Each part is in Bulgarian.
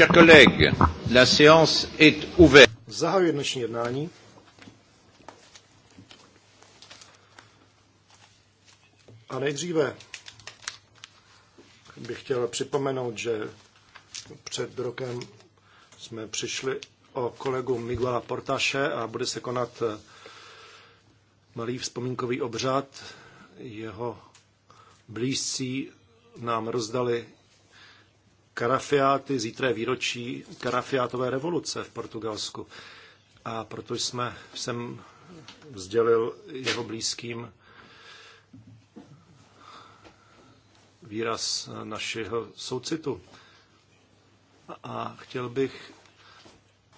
chers collègues, la séance est ouverte. Zahajuji dnešní jednání. A nejdříve bych chtěl připomenout, že před rokem jsme přišli o kolegu Miguela Portaše a bude se konat malý vzpomínkový obřad. Jeho blízcí nám rozdali karafiáty, zítra je výročí karafiátové revoluce v Portugalsku. A proto jsme, jsem vzdělil jeho blízkým výraz našeho soucitu. A chtěl bych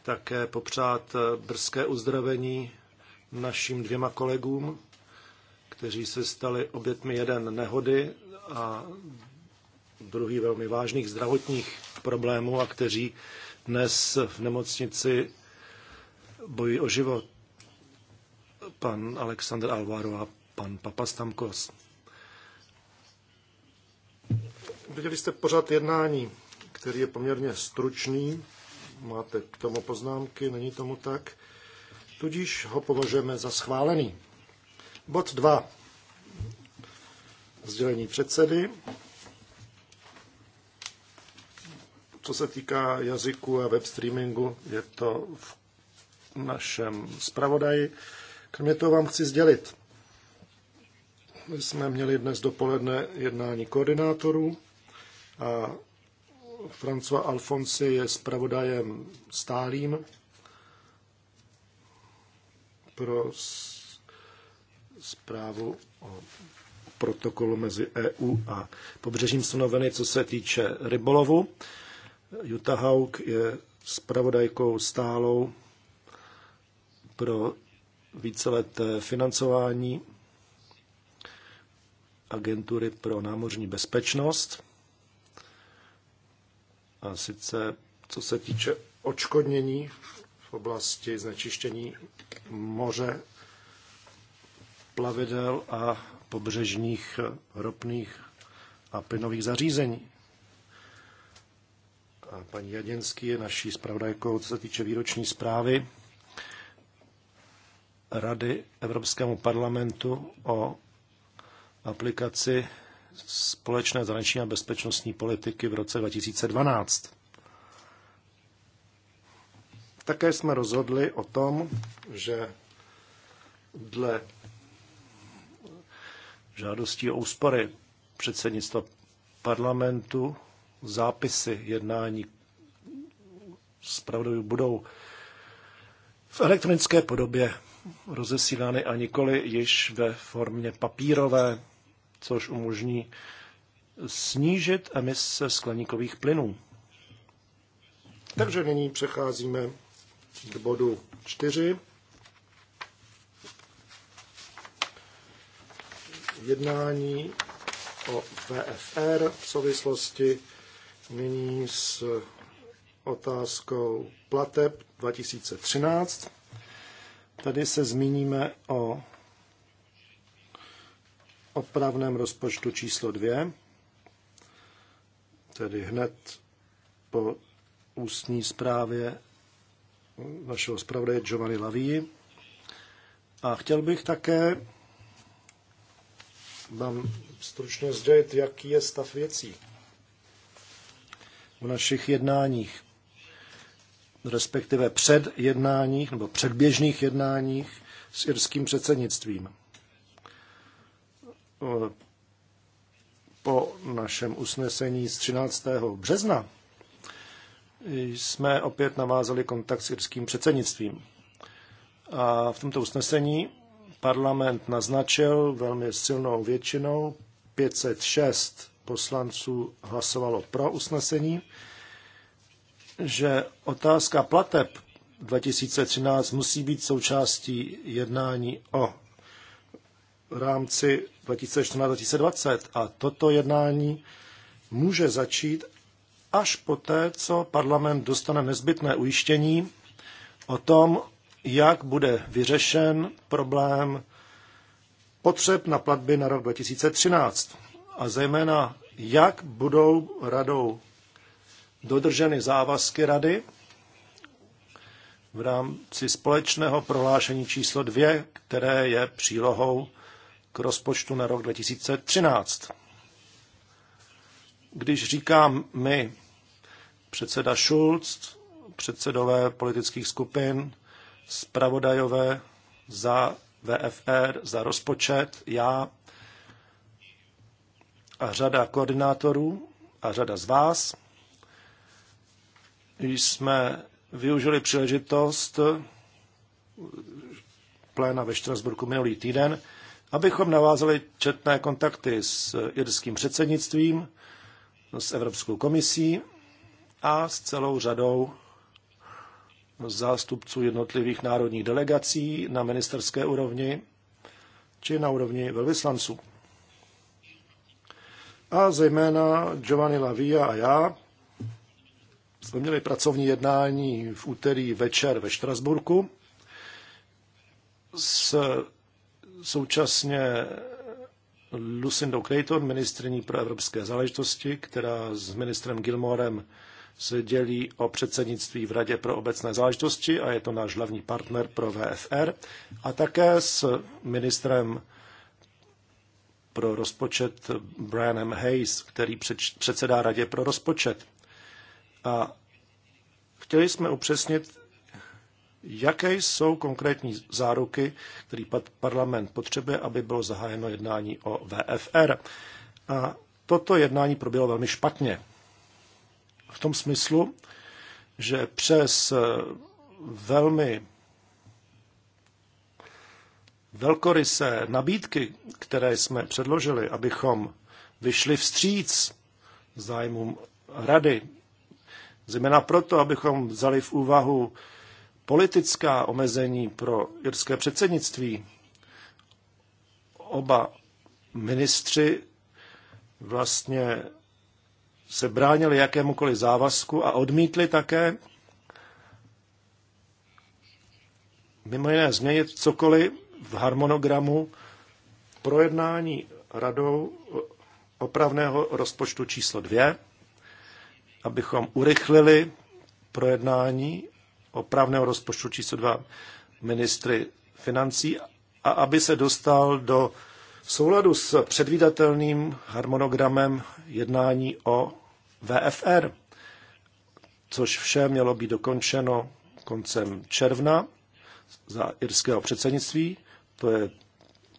také popřát brzké uzdravení našim dvěma kolegům, kteří se stali obětmi jeden nehody a Druhý velmi vážných zdravotních problémů a kteří dnes v nemocnici bojují o život. Pan Alexander Alvaro a pan Papastamkos. Viděli jste pořád jednání, který je poměrně stručný. Máte k tomu poznámky, není tomu tak. Tudíž ho považujeme za schválený. Bod 2. Sdělení předsedy. Co se týká jazyku a web streamingu, je to v našem zpravodaji. Kromě toho vám chci sdělit. My jsme měli dnes dopoledne jednání koordinátorů a François Alfonsi je zpravodajem stálým pro zprávu o protokolu mezi EU a pobřežím stanoveny, co se týče rybolovu. Jutta Haug je spravodajkou stálou pro víceleté financování agentury pro námořní bezpečnost. A sice co se týče očkodnění v oblasti znečištění moře, plavidel a pobřežních ropných a plynových zařízení paní Jaděnský je naší zpravodajkou, co se týče výroční zprávy Rady Evropskému parlamentu o aplikaci společné zahraniční a bezpečnostní politiky v roce 2012. Také jsme rozhodli o tom, že dle žádostí o úspory předsednictva parlamentu zápisy jednání zpravodajů budou v elektronické podobě rozesílány a nikoli již ve formě papírové, což umožní snížit emise skleníkových plynů. Takže nyní přecházíme k bodu 4. Jednání o VFR v souvislosti nyní s otázkou plateb 2013. Tady se zmíníme o opravném rozpočtu číslo 2, tedy hned po ústní zprávě našeho zpravodaje Giovanni Laví. A chtěl bych také vám stručně sdělit, jaký je stav věcí v našich jednáních, respektive před jednáních nebo předběžných jednáních s irským předsednictvím. Po našem usnesení z 13. března jsme opět navázali kontakt s irským předsednictvím. A v tomto usnesení parlament naznačil velmi silnou většinou 506 poslanců hlasovalo pro usnesení, že otázka plateb 2013 musí být součástí jednání o rámci 2014-2020 a toto jednání může začít až poté, co parlament dostane nezbytné ujištění o tom, jak bude vyřešen problém potřeb na platby na rok 2013 a zejména jak budou radou dodrženy závazky rady v rámci společného prohlášení číslo 2, které je přílohou k rozpočtu na rok 2013. Když říkám my, předseda Schulz, předsedové politických skupin, zpravodajové za VFR, za rozpočet, já a řada koordinátorů a řada z vás jsme využili příležitost pléna ve Štrasburku minulý týden, abychom navázali četné kontakty s irským předsednictvím, s Evropskou komisí a s celou řadou zástupců jednotlivých národních delegací na ministerské úrovni či na úrovni velvyslanců a zejména Giovanni Lavia a já jsme měli pracovní jednání v úterý večer ve Štrasburku s současně Lucindou Creighton, ministriní pro evropské záležitosti, která s ministrem Gilmorem se dělí o předsednictví v Radě pro obecné záležitosti a je to náš hlavní partner pro VFR a také s ministrem pro rozpočet Brianem Hayes, který předsedá Radě pro rozpočet. A chtěli jsme upřesnit, jaké jsou konkrétní záruky, který parlament potřebuje, aby bylo zahájeno jednání o VFR. A toto jednání proběhlo velmi špatně. V tom smyslu, že přes velmi velkorysé nabídky, které jsme předložili, abychom vyšli vstříc zájmům rady, zejména proto, abychom vzali v úvahu politická omezení pro irské předsednictví. Oba ministři vlastně se bránili jakémukoliv závazku a odmítli také mimo jiné změnit cokoliv, v harmonogramu projednání radou opravného rozpočtu číslo 2, abychom urychlili projednání opravného rozpočtu číslo 2 ministry financí a aby se dostal do souladu s předvídatelným harmonogramem jednání o VFR, což vše mělo být dokončeno koncem června za irského předsednictví To je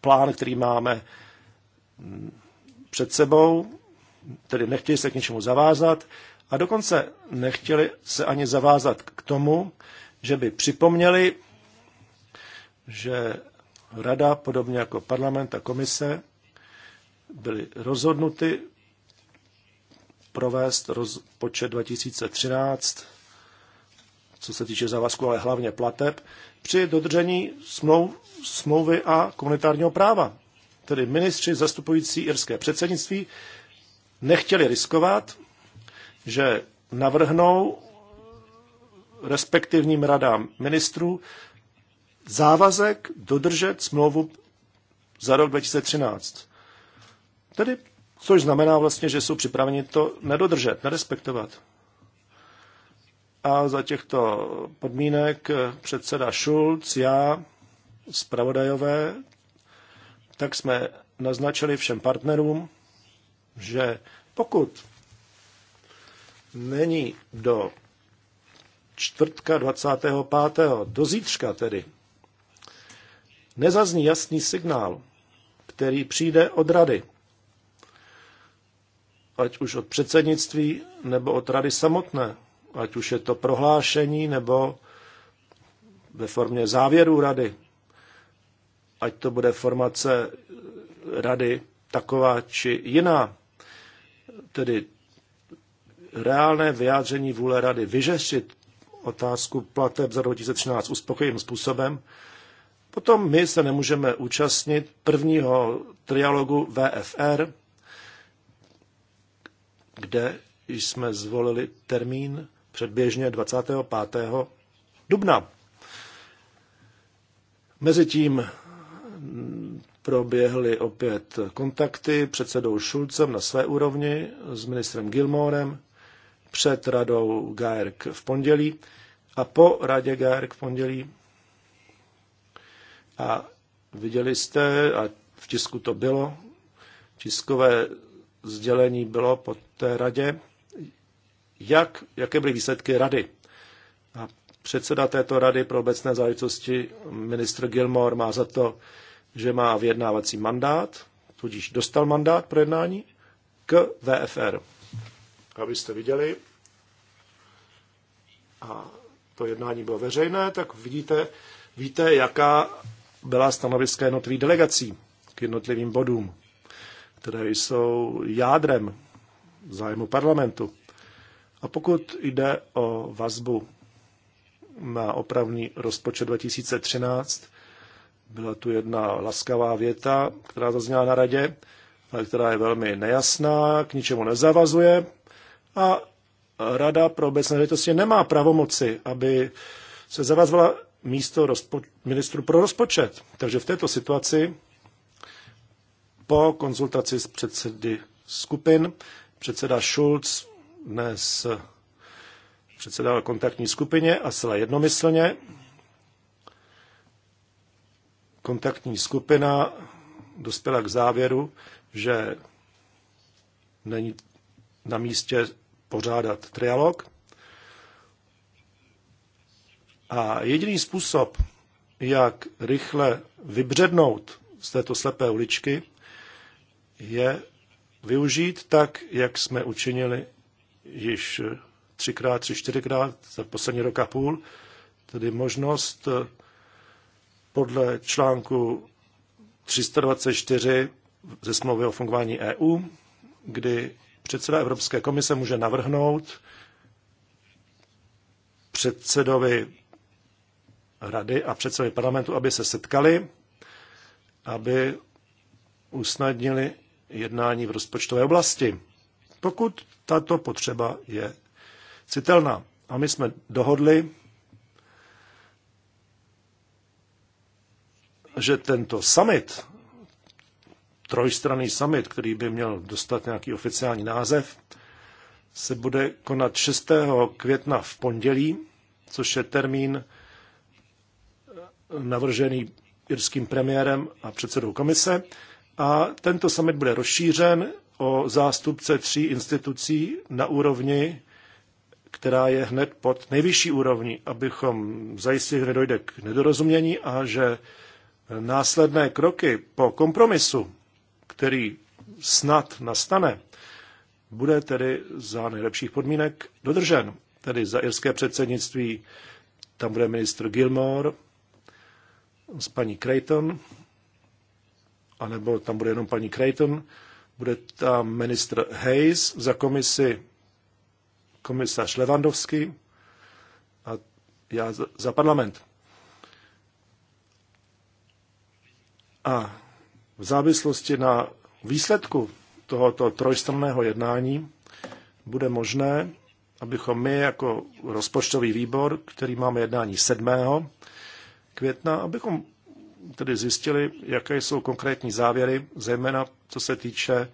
plán, který máme před sebou, tedy nechtěli se k něčemu zavázat a dokonce nechtěli se ani zavázat k tomu, že by připomněli, že rada, podobně jako parlament a komise, byly rozhodnuty provést rozpočet 2013, co se týče závazku, ale hlavně plateb, při dodržení smlouv, smlouvy a komunitárního práva. Tedy ministři zastupující irské předsednictví nechtěli riskovat, že navrhnou respektivním radám ministrů závazek dodržet smlouvu za rok 2013. Tedy, což znamená vlastně, že jsou připraveni to nedodržet, nerespektovat. A za těchto podmínek předseda Schulz, já, zpravodajové, tak jsme naznačili všem partnerům, že pokud není do čtvrtka 25. do zítřka tedy, nezazní jasný signál, který přijde od rady, ať už od předsednictví nebo od rady samotné, ať už je to prohlášení nebo ve formě závěrů rady, ať to bude formace rady taková či jiná, tedy reálné vyjádření vůle rady vyřešit otázku plateb za 2013 uspokojivým způsobem, potom my se nemůžeme účastnit prvního trialogu VFR, kde jsme zvolili termín předběžně 25. dubna. Mezitím proběhly opět kontakty předsedou Šulcem na své úrovni s ministrem Gilmorem před radou GAERK v pondělí a po radě GAERK v pondělí. A viděli jste, a v tisku to bylo, tiskové sdělení bylo po té radě, jak, jaké byly výsledky rady. A předseda této rady pro obecné záležitosti, ministr Gilmore, má za to, že má vyjednávací mandát, tudíž dostal mandát pro jednání k VFR. Abyste viděli, a to jednání bylo veřejné, tak vidíte, víte, jaká byla stanoviska jednotlivých delegací k jednotlivým bodům, které jsou jádrem zájmu parlamentu. A pokud jde o vazbu na opravný rozpočet 2013, byla tu jedna laskavá věta, která zazněla na radě, ale která je velmi nejasná, k ničemu nezavazuje a Rada pro obecné záležitosti nemá pravomoci, aby se zavazovala místo rozpo- ministru pro rozpočet. Takže v této situaci po konzultaci s předsedy skupin předseda Schulz dnes předsedal kontaktní skupině a zcela jednomyslně kontaktní skupina dospěla k závěru, že není na místě pořádat trialog. A jediný způsob, jak rychle vybřednout z této slepé uličky, je využít tak, jak jsme učinili již třikrát, tři, čtyřikrát za poslední rok a půl, tedy možnost podle článku 324 ze smlouvy o fungování EU, kdy předseda Evropské komise může navrhnout předsedovi rady a předsedovi parlamentu, aby se setkali, aby usnadnili jednání v rozpočtové oblasti pokud tato potřeba je citelná. A my jsme dohodli, že tento summit, trojstranný summit, který by měl dostat nějaký oficiální název, se bude konat 6. května v pondělí, což je termín navržený irským premiérem a předsedou komise. A tento summit bude rozšířen o zástupce tří institucí na úrovni, která je hned pod nejvyšší úrovní, abychom zajistili, že nedojde k nedorozumění a že následné kroky po kompromisu, který snad nastane, bude tedy za nejlepších podmínek dodržen. Tedy za irské předsednictví tam bude ministr Gilmore s paní Creighton, anebo tam bude jenom paní Creighton, Bude tam ministr Hayes, za komisi komisař Levandovský a já za parlament. A v závislosti na výsledku tohoto trojstranného jednání bude možné, abychom my jako rozpočtový výbor, který máme jednání 7. května, abychom tedy zjistili, jaké jsou konkrétní závěry, zejména co se týče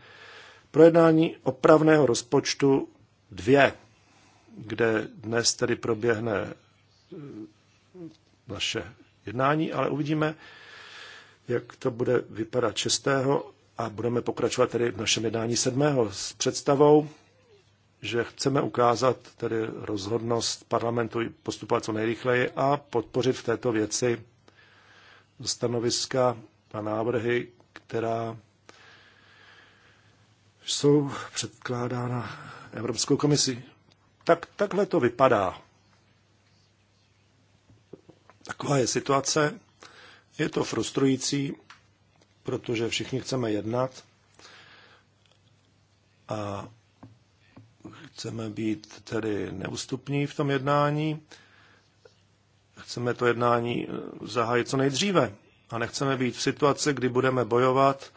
projednání opravného rozpočtu 2, kde dnes tedy proběhne naše jednání, ale uvidíme, jak to bude vypadat 6. a budeme pokračovat tedy v našem jednání 7. s představou, že chceme ukázat tedy rozhodnost parlamentu postupovat co nejrychleji a podpořit v této věci stanoviska a návrhy, která jsou předkládána Evropskou komisi. Tak, takhle to vypadá. Taková je situace. Je to frustrující, protože všichni chceme jednat a chceme být tedy neustupní v tom jednání. Chceme to jednání zahájit co nejdříve a nechceme být v situaci, kdy budeme bojovat,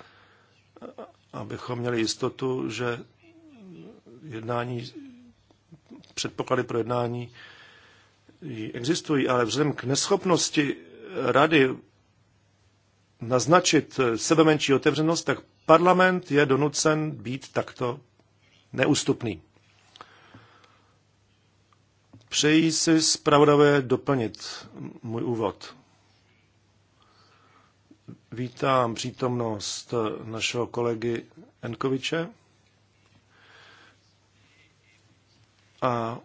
abychom měli jistotu, že jednání, předpoklady pro jednání existují, ale vzhledem k neschopnosti rady naznačit sebemenší otevřenost, tak parlament je donucen být takto neústupný. Přeji si zpravodavé doplnit můj úvod. Vítám přítomnost našeho kolegy Enkoviče a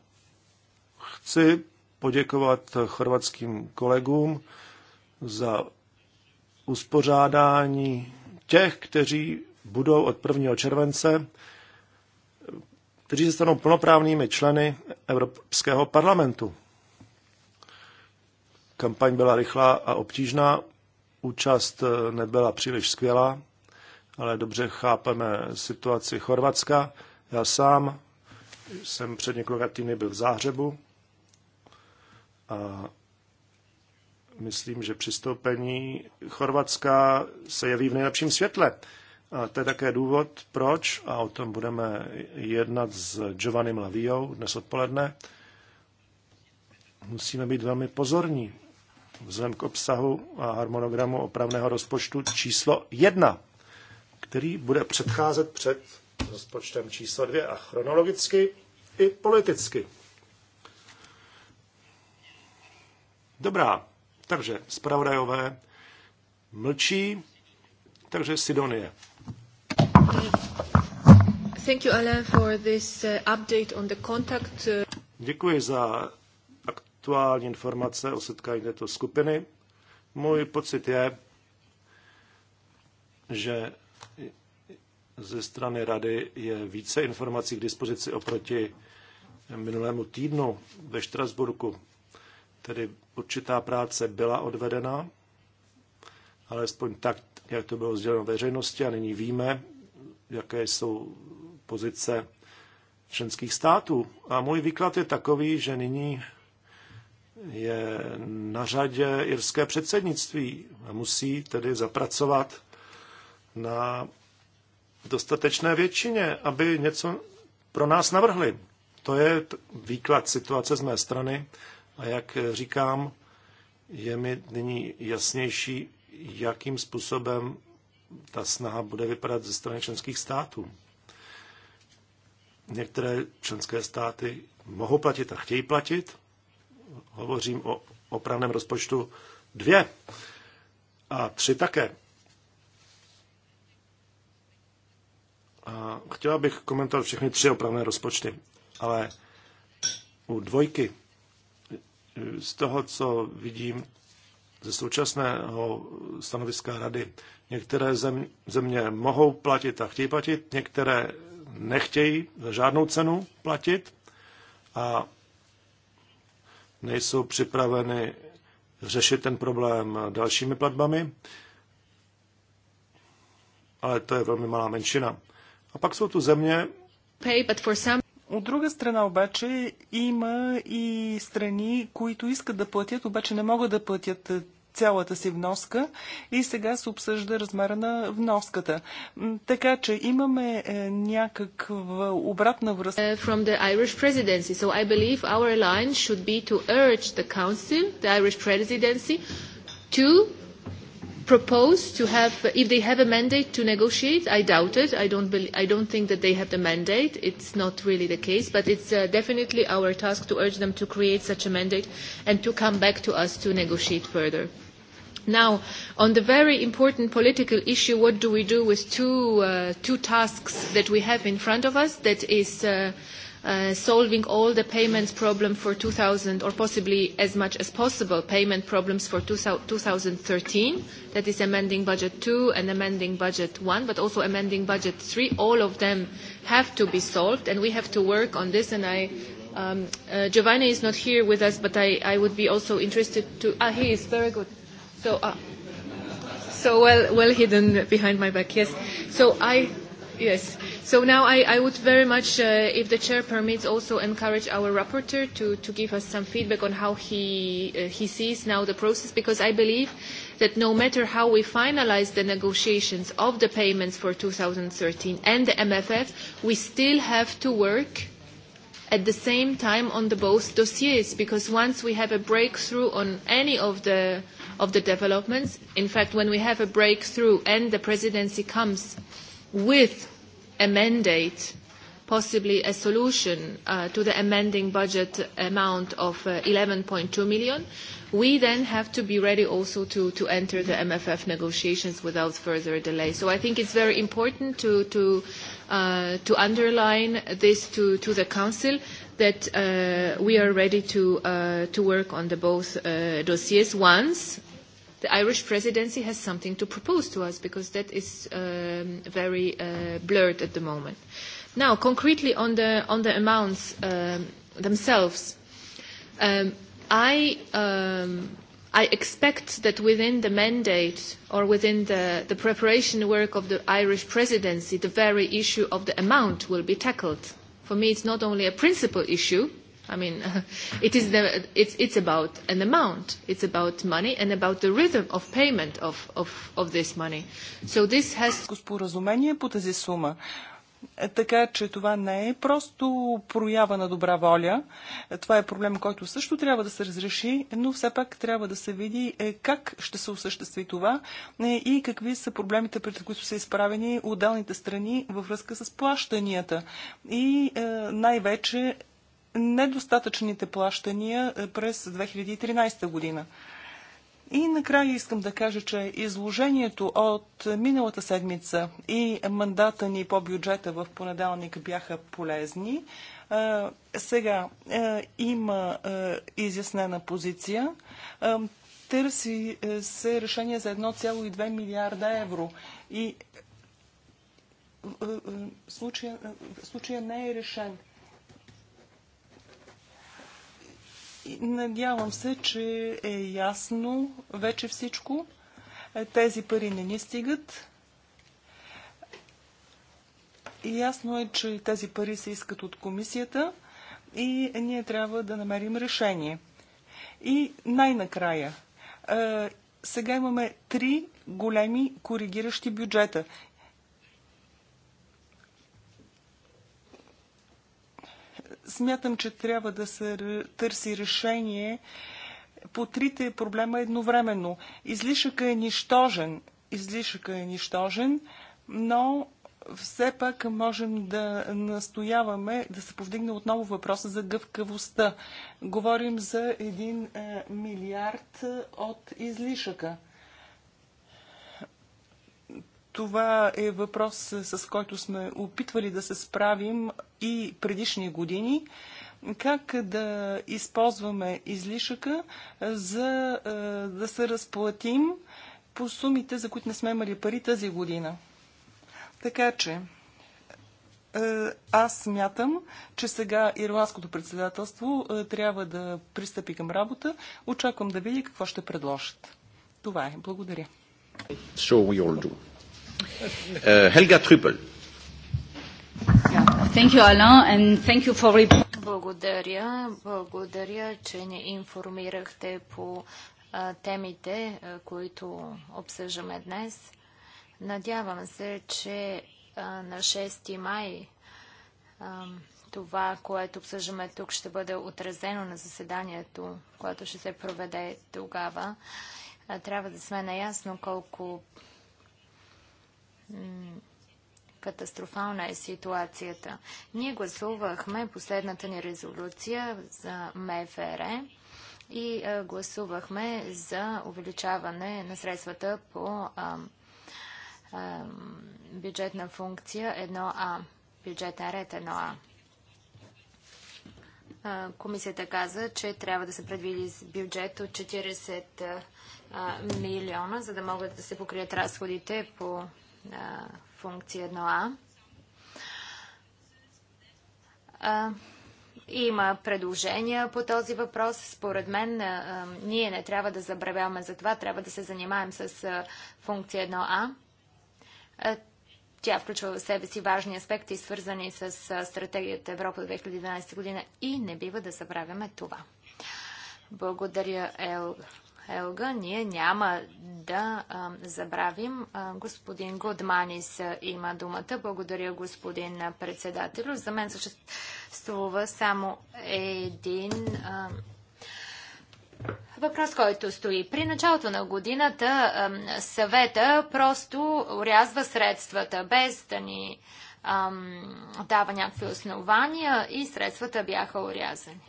chci poděkovat chorvatským kolegům za uspořádání těch, kteří budou od 1. července kteří se stanou plnoprávnými členy Evropského parlamentu. Kampaň byla rychlá a obtížná, účast nebyla příliš skvělá, ale dobře chápeme situaci Chorvatska. Já sám jsem před několika týdny byl v Záhřebu a myslím, že přistoupení Chorvatska se jeví v nejlepším světle. A to je také důvod, proč, a o tom budeme jednat s Giovanni Lavijou dnes odpoledne, musíme být velmi pozorní vzhledem k obsahu a harmonogramu opravného rozpočtu číslo 1, který bude předcházet před rozpočtem číslo 2 a chronologicky i politicky. Dobrá, takže zpravodajové mlčí, takže Sidonie. Thank you, Alain, for this update on the contact. Děkuji za aktuální informace o setkání této skupiny. Můj pocit je, že ze strany rady je více informací k dispozici oproti minulému týdnu ve Štrasburku. Tedy určitá práce byla odvedena, alespoň tak, jak to bylo sděleno veřejnosti a nyní víme, jaké jsou pozice členských států. A můj výklad je takový, že nyní je na řadě irské předsednictví a musí tedy zapracovat na dostatečné většině, aby něco pro nás navrhli. To je výklad situace z mé strany a jak říkám, je mi nyní jasnější, jakým způsobem ta snaha bude vypadat ze strany členských států. Některé členské státy mohou platit a chtějí platit. Hovořím o opravném rozpočtu dvě a tři také. A chtěla bych komentovat všechny tři opravné rozpočty, ale u dvojky z toho, co vidím, ze současného stanoviska rady. Některé země mohou platit a chtějí platit, některé nechtějí za žádnou cenu platit a nejsou připraveny řešit ten problém dalšími platbami, ale to je velmi malá menšina. A pak jsou tu země, от друга страна обаче има и страни, които искат да платят, обаче не могат да платят цялата си вноска и сега се обсъжда размера на вноската. Така че имаме някаква обратна връзка. From the Irish presidency. So I believe our line should be to urge the council, the Irish presidency, to propose to have, if they have a mandate to negotiate, I doubt it. I don't, believe, I don't think that they have the mandate. It's not really the case, but it's uh, definitely our task to urge them to create such a mandate and to come back to us to negotiate further. Now, on the very important political issue, what do we do with two, uh, two tasks that we have in front of us? That is uh, uh, solving all the payments problem for 2000, or possibly as much as possible, payment problems for 2013. That is amending budget 2 and amending budget 1, but also amending budget 3. All of them have to be solved, and we have to work on this, and I Um, uh, Giovanni is not here with us, but I, I would be also interested to... Ah, he is very good. So, uh, so well, well hidden behind my back. Yes. So I, yes. So now I, I would very much, uh, if the chair permits, also encourage our rapporteur to, to give us some feedback on how he uh, he sees now the process, because I believe that no matter how we finalise the negotiations of the payments for 2013 and the MFF, we still have to work at the same time on the both dossiers because once we have a breakthrough on any of the of the developments. In fact, when we have a breakthrough and the presidency comes with a mandate, possibly a solution to the amending budget amount of uh, 11.2 million, we then have to be ready also to, enter the MFF negotiations without further delay. So I think it's very important to, to, uh, to underline this to, the Council that we are ready to, to work on both dossiers once the Irish presidency has something to propose to us because that is um, very uh, blurred at the moment. Now, concretely on the, on the amounts um, themselves, um, I, um, I expect that within the mandate or within the, the preparation work of the Irish presidency, the very issue of the amount will be tackled. For me, it's not only a principal issue, I mean, it is the, it's, it's about an amount. It's about money and about the rhythm of payment of, of, of this money. So this has... Споразумение по тази сума. Е, така че това не е просто проява на добра воля. Това е проблем, който също трябва да се разреши, но все пак трябва да се види е, как ще се осъществи това е, и какви са проблемите, пред които са изправени отделните страни във връзка с плащанията. И най-вече недостатъчните плащания е, през 2013 година. И накрая искам да кажа, че изложението от миналата седмица и мандата ни по бюджета в понеделник бяха полезни. Е, сега е, има изяснена позиция. Търси се решение за 1,2 милиарда евро. И случая, случая не е решен. Надявам се, че е ясно вече всичко. Е, тези пари не ни стигат. Ясно е, че тези пари се искат от комисията и ние трябва да намерим решение. И най-накрая. Е, сега имаме три големи коригиращи бюджета. Смятам, че трябва да се търси решение по трите проблема едновременно. Излишъка е нищожен. Излишъка е нищожен, но все пак можем да настояваме да се повдигне отново въпроса за гъвкавостта. Говорим за един е, милиард от излишъка. Това е въпрос, е, с който сме опитвали да се справим и предишни години. Как да използваме излишъка, е, за е, да се разплатим по сумите, за които не сме имали пари тази година. Така че, аз смятам, че сега ирландското председателство трябва да пристъпи към работа. Очаквам да видя какво ще предложат. Това е. Благодаря. So we all do. Uh, Helga Trüppel. Thank you, Alain, and thank you for Благодаря. Благодаря, че ни информирахте по а, темите, а, които обсъждаме днес. Надявам се, че а, на 6 май това, което обсъждаме тук, ще бъде отразено на заседанието, което ще се проведе тогава. Трябва да сме наясно колко катастрофална е ситуацията. Ние гласувахме последната ни резолюция за МФР и гласувахме за увеличаване на средствата по бюджетна функция 1А, бюджетна ред 1А. Комисията каза, че трябва да се предвиди бюджет от 40 милиона, за да могат да се покрият разходите по на функция 1А. А, има предложения по този въпрос. Според мен а, ние не трябва да забравяваме за това, трябва да се занимаем с а, функция 1А. Тя включва в себе си важни аспекти, свързани с стратегията Европа 2012 година и не бива да забравяме това. Благодаря, Ел Хелга, ние няма да а, забравим. А, господин Годманис има думата. Благодаря, господин председател. За мен съществува само един а, въпрос, който стои. При началото на годината съвета просто урязва средствата, без да ни дава някакви основания и средствата бяха урязани.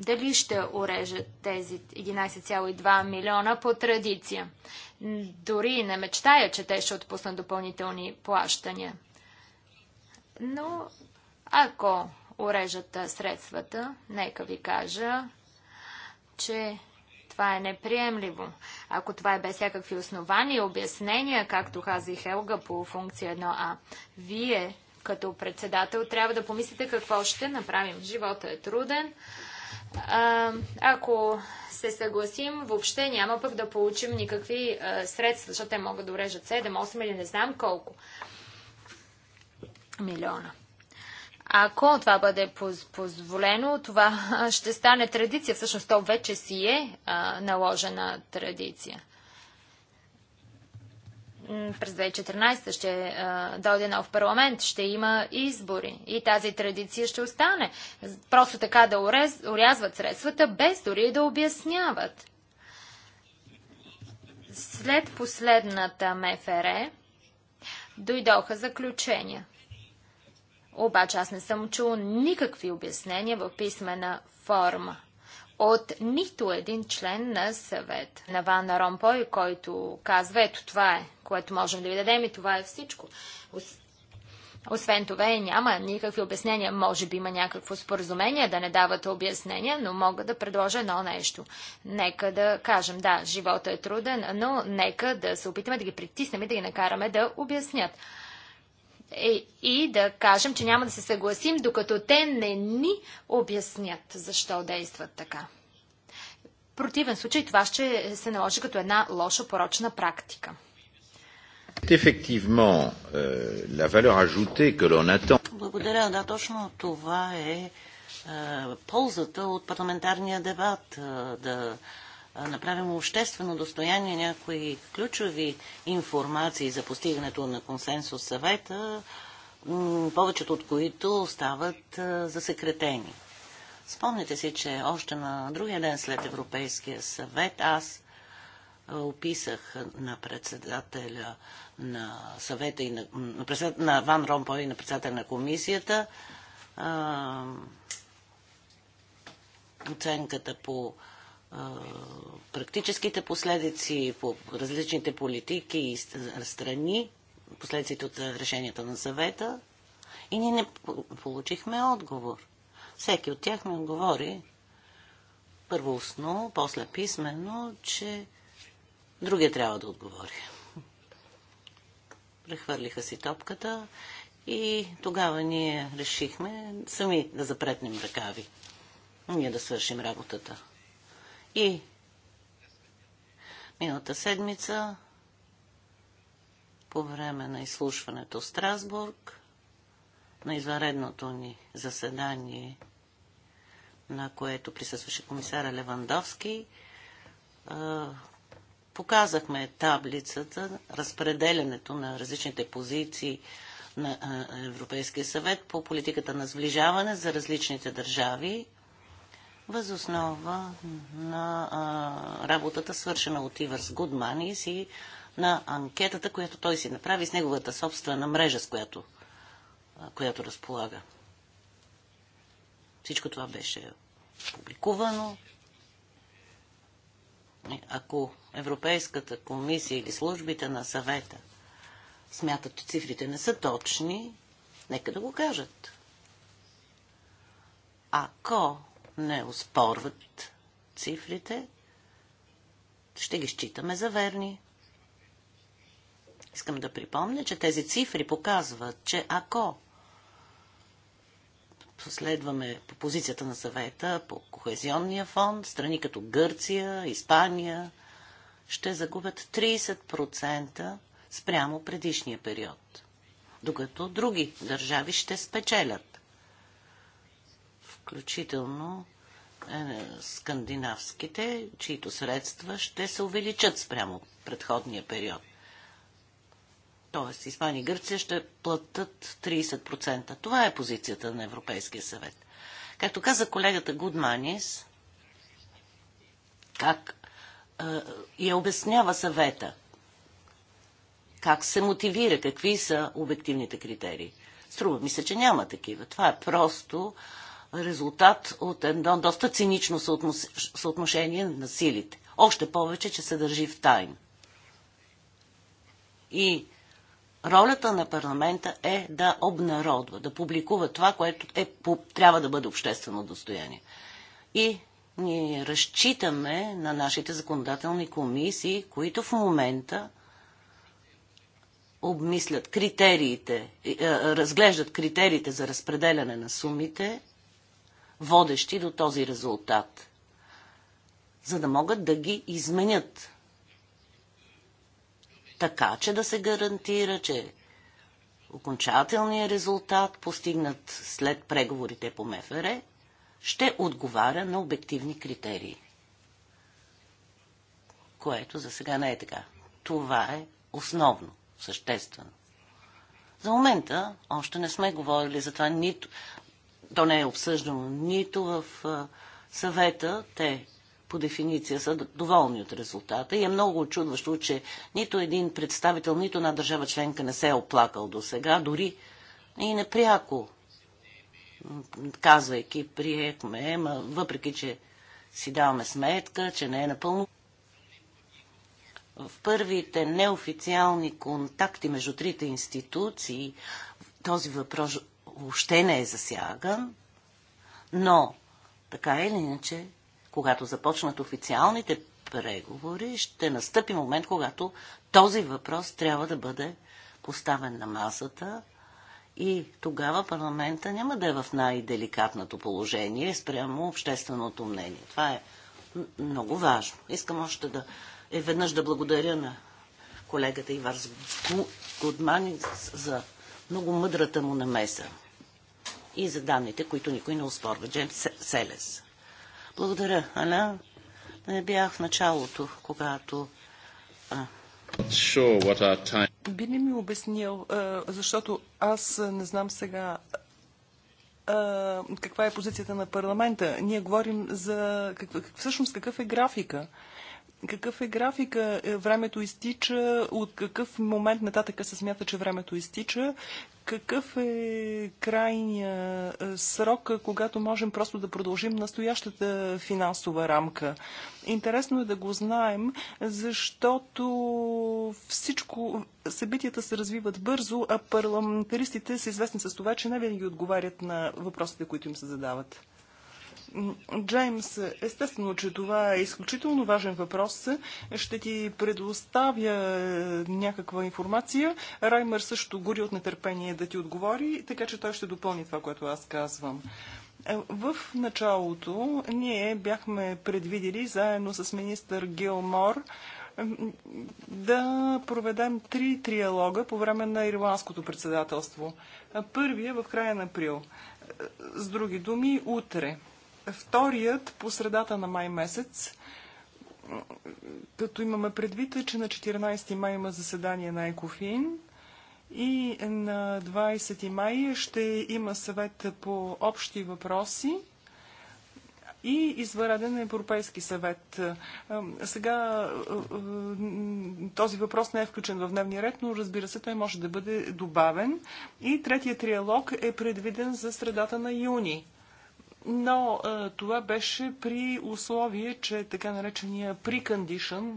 Дали ще орежат тези 11,2 милиона по традиция? Дори не мечтая, че те ще отпуснат допълнителни плащания. Но ако урежат средствата, нека ви кажа, че това е неприемливо. Ако това е без всякакви основания и обяснения, както каза и Хелга по функция 1А, вие като председател трябва да помислите какво ще направим. Живота е труден ако се съгласим, въобще няма пък да получим никакви средства, защото те могат да урежат 7, 8 или не знам колко милиона. Ако това бъде позволено, това ще стане традиция. Всъщност то вече си е наложена традиция през 2014 ще дойде нов парламент, ще има избори и тази традиция ще остане. Просто така да урез, урязват средствата, без дори да обясняват. След последната МФР дойдоха заключения. Обаче аз не съм чул никакви обяснения в писмена форма от нито един член на съвет на Ван Ромпой, който казва, ето това е, което можем да ви дадем и това е всичко. Освен това и няма никакви обяснения. Може би има някакво споразумение да не давате обяснения, но мога да предложа едно нещо. Нека да кажем, да, живота е труден, но нека да се опитаме да ги притиснем и да ги накараме да обяснят. Е, и да кажем, че няма да се съгласим, докато те не ни обяснят защо действат така. В противен случай това ще се наложи като една лоша порочна практика. Euh, Благодаря, да, точно това е, е ползата от парламентарния дебат. Е, да, направим обществено достояние някои ключови информации за постигането на консенсус съвета, повечето от които стават засекретени. Спомните си, че още на другия ден след Европейския съвет аз описах на председателя на съвета и на, на, председ... на Ван Ромпой и на председателя на комисията а, оценката по а, практическите последици по различните политики и страни, последиците от решенията на съвета и ние не получихме отговор. Всеки от тях ми отговори първо устно, после писменно, че другия трябва да отговори. Прехвърлиха си топката и тогава ние решихме сами да запретнем ръкави. Ние да свършим работата. И миналата седмица по време на изслушването в Страсбург, на изваредното ни заседание, на което присъстваше комисара Левандовски, показахме таблицата, разпределенето на различните позиции на Европейския съвет по политиката на сближаване за различните държави възоснова на а, работата, свършена от Ивърс Гудманис и на анкетата, която той си направи с неговата собствена мрежа, с която, а, която разполага. Всичко това беше публикувано. Ако Европейската комисия или службите на съвета смятат, че цифрите не са точни, нека да го кажат. Ако не оспорват цифрите, ще ги считаме за верни. Искам да припомня, че тези цифри показват, че ако последваме по позицията на съвета по Кохезионния фонд, страни като Гърция, Испания, ще загубят 30% спрямо предишния период, докато други държави ще спечелят включително е, скандинавските, чието средства ще се увеличат спрямо предходния период. Тоест, Испания и Гърция ще платят 30%. Това е позицията на Европейския съвет. Както каза колегата Гудманис, как е, я обяснява съвета, как се мотивира, какви са обективните критерии. Струва ми се, че няма такива. Това е просто резултат от едно доста цинично съотношение на силите. Още повече, че се държи в тайн. И ролята на парламента е да обнародва, да публикува това, което е, трябва да бъде обществено достояние. И ние разчитаме на нашите законодателни комисии, които в момента обмислят критериите, е, е, разглеждат критериите за разпределяне на сумите водещи до този резултат, за да могат да ги изменят. Така, че да се гарантира, че окончателният резултат, постигнат след преговорите по МФР, ще отговаря на обективни критерии. Което за сега не е така. Това е основно, съществено. За момента още не сме говорили за това, нито, то не е обсъждано нито в съвета, те по дефиниция са доволни от резултата и е много очудващо, че нито един представител, нито една държава членка не се е оплакал до сега, дори и непряко казвайки, приехме, ема, въпреки, че си даваме сметка, че не е напълно. В първите неофициални контакти между трите институции този въпрос въобще не е засяган, но така или иначе, когато започнат официалните преговори, ще настъпи момент, когато този въпрос трябва да бъде поставен на масата и тогава парламента няма да е в най-деликатното положение спрямо общественото мнение. Това е много важно. Искам още да е веднъж да благодаря на колегата Ивар Гудмани за много мъдрата му намеса и за данните, които никой не успорва. Джеймс Селес. Благодаря, Аля. Не бях в началото, когато... А. Би ли ми обяснил, защото аз не знам сега каква е позицията на парламента. Ние говорим за... Всъщност какъв е графика? Какъв е графика? Е, времето изтича. От какъв момент нататък се смята, че времето изтича? Какъв е крайния е, срок, когато можем просто да продължим настоящата финансова рамка? Интересно е да го знаем, защото всичко, събитията се развиват бързо, а парламентаристите са известни с това, че не винаги отговарят на въпросите, които им се задават. Джеймс, естествено, че това е изключително важен въпрос. Ще ти предоставя е, някаква информация. Раймер също гори от нетърпение да ти отговори, така че той ще допълни това, което аз казвам. Е, в началото ние бяхме предвидели заедно с министър Гилмор е, да проведем три триалога по време на ирландското председателство. Първият в края на април. С други думи, утре вторият по средата на май месец, като имаме предвид, е, че на 14 май има заседание на Екофин и на 20 май ще има съвет по общи въпроси и извънреден Европейски съвет. Сега е, е, този въпрос не е включен в дневния ред, но разбира се, той може да бъде добавен. И третия триалог е предвиден за средата на юни. Но а, е, това беше при условие, че така наречения pre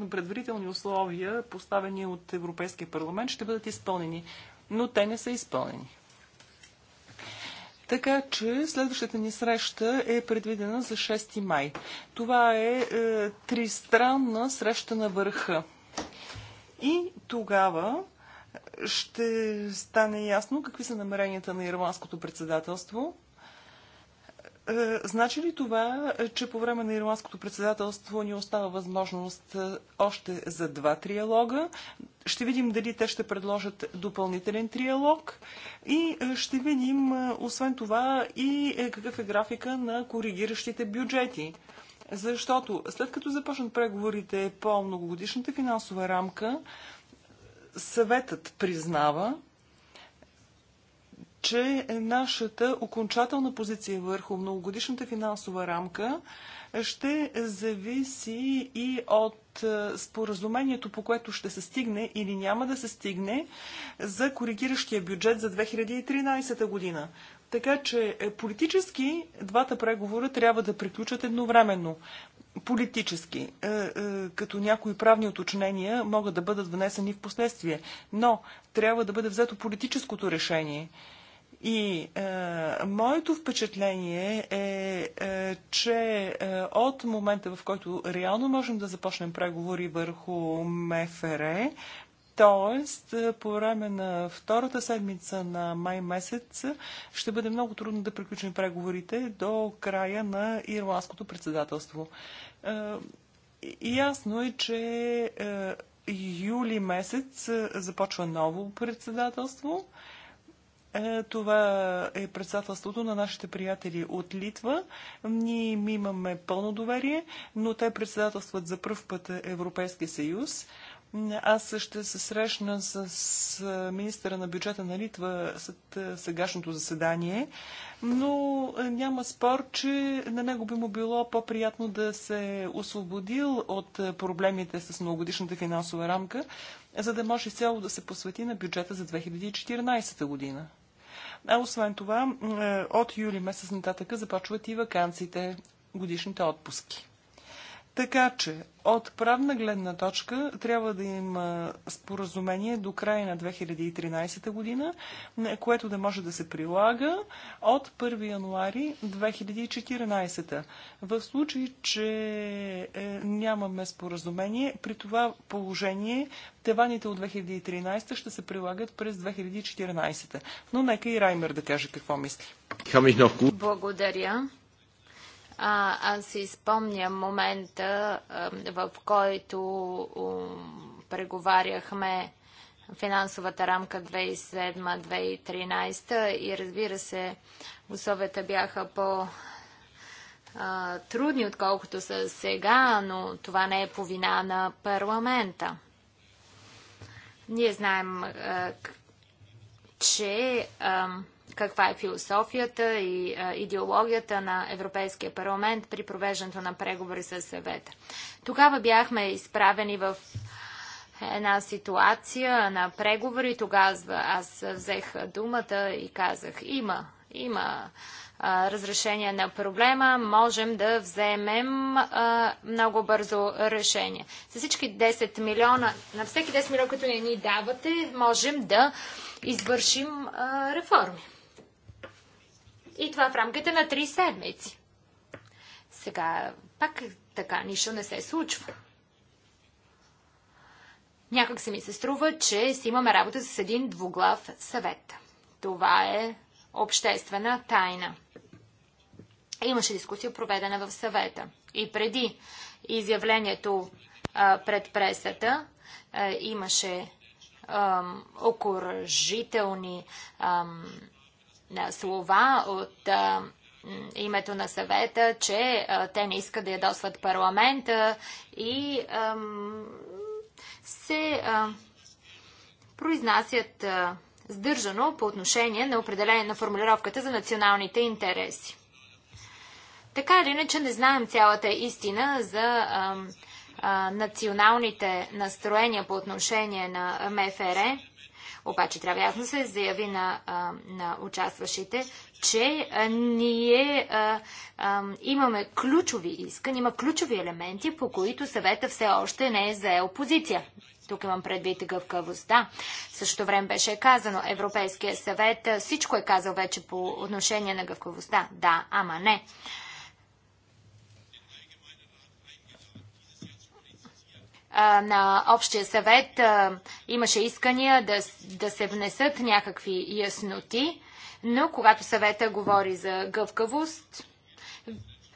предварителни условия, поставени от Европейския парламент, ще бъдат изпълнени. Но те не са изпълнени. Така че следващата ни среща е предвидена за 6 май. Това е, е тристранна среща на върха. И тогава е, ще стане ясно какви са намеренията на ирландското председателство е, значи ли това, е, че по време на ирландското председателство ни остава възможност е, още за два триалога? Ще видим дали те ще предложат допълнителен триалог и ще видим, освен това, и какъв е графика на коригиращите бюджети. Защото след като започнат преговорите по многогодишната финансова рамка, съветът признава, че нашата окончателна позиция върху многогодишната финансова рамка ще зависи и от е, споразумението, по което ще се стигне или няма да се стигне за коригиращия бюджет за 2013 година. Така че е, политически двата преговора трябва да приключат едновременно. Политически, е, като някои правни уточнения могат да бъдат внесени в последствие, но трябва да бъде взето политическото решение. И е, моето впечатление е, е че е, от момента, в който реално можем да започнем преговори върху МФР, т.е. по време на втората седмица на май месец ще бъде много трудно да приключим преговорите до края на ирландското председателство. Е, ясно е, че е, юли месец е, започва ново председателство. Е, това е председателството на нашите приятели от Литва. Ние им имаме пълно доверие, но те председателстват за първ път Европейския съюз. Аз ще се срещна с е, министъра на бюджета на Литва след е, сегашното заседание, но няма спор, че на него би му било по-приятно да се освободил от проблемите с многогодишната финансова рамка, за да може цяло да се посвети на бюджета за 2014 година. А освен това, е, от юли месец нататък започват и вакансите, годишните отпуски. Така че, от правна гледна точка, трябва да има споразумение до края на 2013 година, което да може да се прилага от 1 януари 2014. В случай, че е, нямаме споразумение, при това положение теваните от 2013 ще се прилагат през 2014. Но нека и Раймер да каже какво мисли. Благодаря. А, аз си спомням момента, в който преговаряхме финансовата рамка 2007-2013 и разбира се, условията бяха по трудни, отколкото са сега, но това не е по вина на парламента. Ние знаем, че каква е философията и идеологията на Европейския парламент при провеждането на преговори с съвета. Тогава бяхме изправени в една ситуация на преговори. Тогава аз взех думата и казах, има, има разрешение на проблема, можем да вземем а, много бързо решение. За всички 10 милиона, на всеки 10 милиона, които ни давате, можем да извършим а, реформи. И това в рамките на три седмици. Сега пак така нищо не се случва. Някак се ми се струва, че си имаме работа с един двуглав съвет. Това е обществена тайна. Имаше дискусия проведена в съвета. И преди изявлението а, пред пресата а, имаше окоръжителни слова от името на съвета, че те не искат да ядосват парламента и се произнасят сдържано по отношение на определение на формулировката за националните интереси. Така или иначе не знаем цялата истина за националните настроения по отношение на МФР. Обаче трябва ясно се заяви на, на участващите, че ние а, а, имаме ключови искания, има ключови елементи, по които съвета все още не е заел позиция. Тук имам предвид гъвкавостта. В същото време беше казано, Европейския съвет всичко е казал вече по отношение на гъвкавостта. Да, ама не. на Общия съвет имаше искания да, да се внесат някакви ясноти, но когато съвета говори за гъвкавост,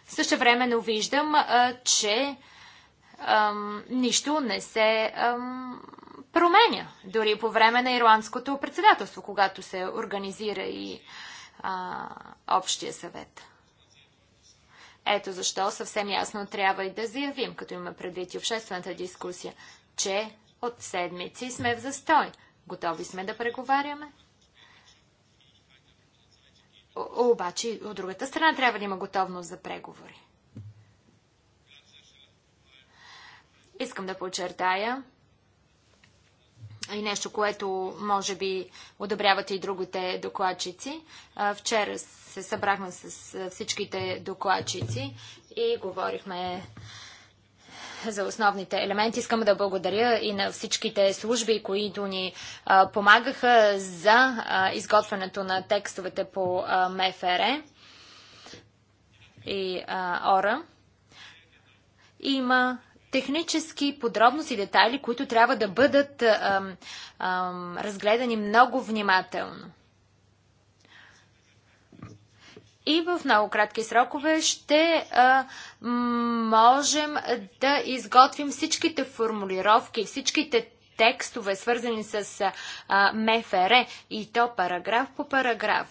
също времено виждам, че ам, нищо не се ам, променя. Дори по време на ирландското председателство, когато се организира и а, Общия съвет. Ето защо съвсем ясно трябва и да заявим, като има предвид и обществената дискусия, че от седмици сме в застой. Готови сме да преговаряме. О, обаче от другата страна трябва да има готовност за преговори. Искам да подчертая, и нещо, което може би одобряват и другите докладчици. Вчера се събрахме с всичките докладчици и говорихме за основните елементи. Искам да благодаря и на всичките служби, които ни помагаха за изготвянето на текстовете по МФР и ОРА. Има технически подробности и детайли, които трябва да бъдат ам, ам, разгледани много внимателно. И в много кратки срокове ще а, можем да изготвим всичките формулировки, всичките текстове, свързани с а, МФР и то параграф по параграф.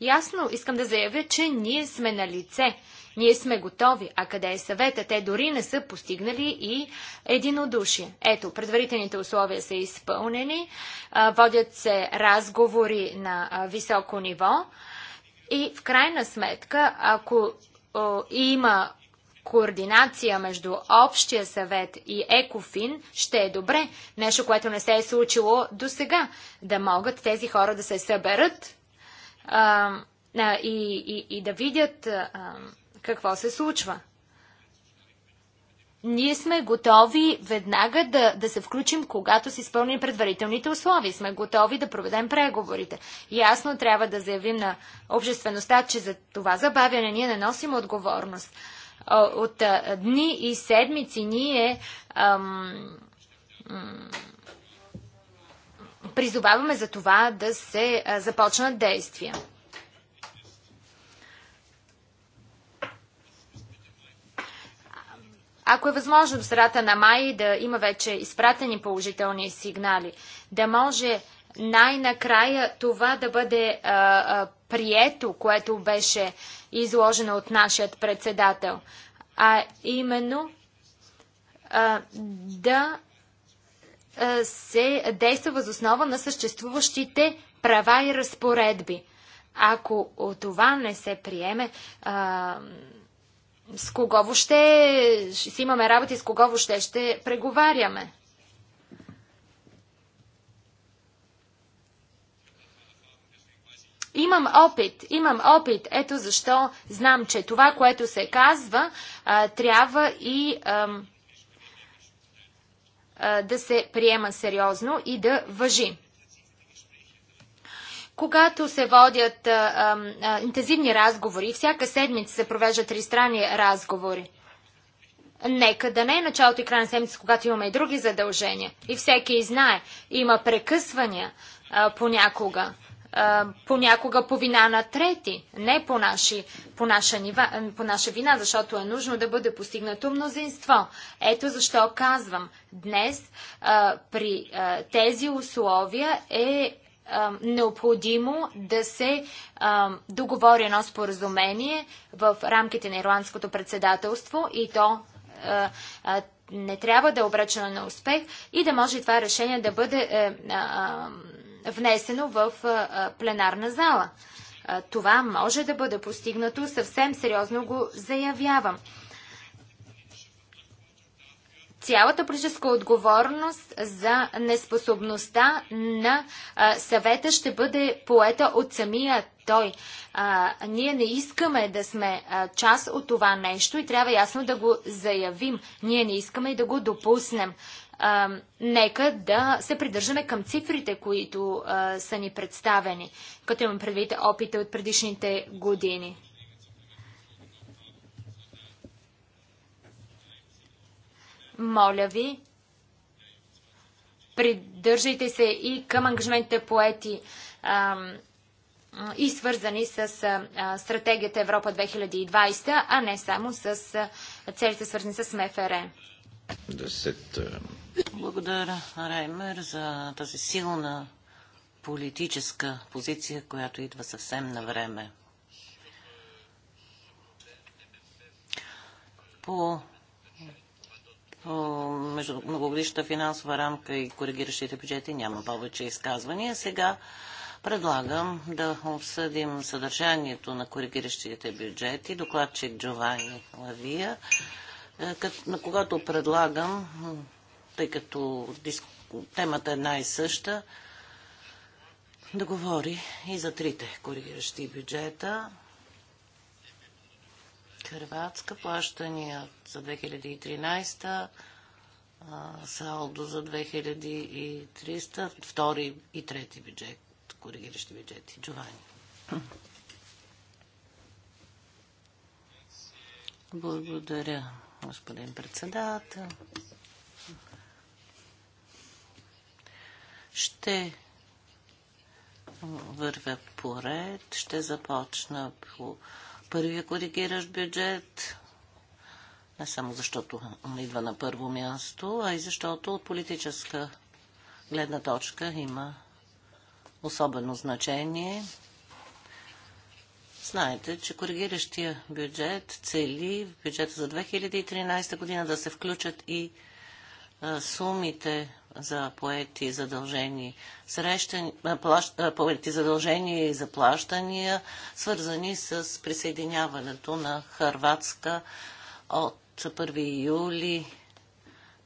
Ясно искам да заявя, че ние сме на лице. Ние сме готови, а къде е съвета? Те дори не са постигнали и единодушие. Ето, предварителните условия са изпълнени, водят се разговори на високо ниво и в крайна сметка, ако има координация между Общия съвет и Екофин ще е добре. Нещо, което не се е случило до сега. Да могат тези хора да се съберат а, и, и, и да видят а, какво се случва. Ние сме готови веднага да, да се включим, когато си изпълним предварителните условия. Сме готови да проведем преговорите. Ясно трябва да заявим на обществеността, че за това забавяне ние не носим отговорност. От дни и седмици ние ам, ам, призоваваме за това да се започнат действия. Ако е възможно до средата на май да има вече изпратени положителни сигнали, да може най-накрая това да бъде а, а, прието, което беше изложено от нашият председател, а именно а, да а, се действа възоснова на съществуващите права и разпоредби. Ако от това не се приеме, а, с кого въобще ще имаме работа и с кого въобще ще преговаряме. Имам опит, имам опит. Ето защо знам, че това, което се казва, трябва и да се приема сериозно и да въжи. Когато се водят а, а, интензивни разговори, всяка седмица се провеждат тристранни разговори. Нека да не е началото и край на седмица, когато имаме и други задължения. И всеки знае, има прекъсвания а, понякога. А, понякога по вина на трети, не по, наши, по, наша нива, по наша вина, защото е нужно да бъде постигнато мнозинство. Ето защо казвам, днес а, при а, тези условия е необходимо да се договори едно споразумение в рамките на ирландското председателство и то не трябва да е обречено на успех и да може това решение да бъде е, внесено в пленарна зала. това може да бъде постигнато, съвсем сериозно го заявявам цялата политическа отговорност за неспособността на а, съвета ще бъде поета от самия той. А, ние не искаме да сме а, част от това нещо и трябва ясно да го заявим. Ние не искаме и да го допуснем. А, нека да се придържаме към цифрите, които а, са ни представени, като имам предвид опита от предишните години. Моля ви, придържайте се и към ангажиментите поети а, и свързани с а, стратегията Европа 2020, а не само с а, целите свързани с МФР. Благодаря, Раймер, за тази силна политическа позиция, която идва съвсем на време. По между многогодишната финансова рамка и коригиращите бюджети няма повече изказвания. Сега предлагам да обсъдим съдържанието на коригиращите бюджети. Докладчик Джовани Лавия, е, на когато предлагам, тъй като темата е една и съща, да говори и за трите коригиращи бюджета, Хрватска, плащания за 2013, салдо за 2300, втори и трети бюджет, коригиращи бюджети. Джовани. Благодаря, господин председател. Ще вървя поред, ще започна по първия коригиращ бюджет, не само защото идва на първо място, а и защото от политическа гледна точка има особено значение. Знаете, че коригиращия бюджет цели в бюджета за 2013 година да се включат и сумите за поети задължени срещани, поети задължения и заплащания, свързани с присъединяването на Харватска от 1 юли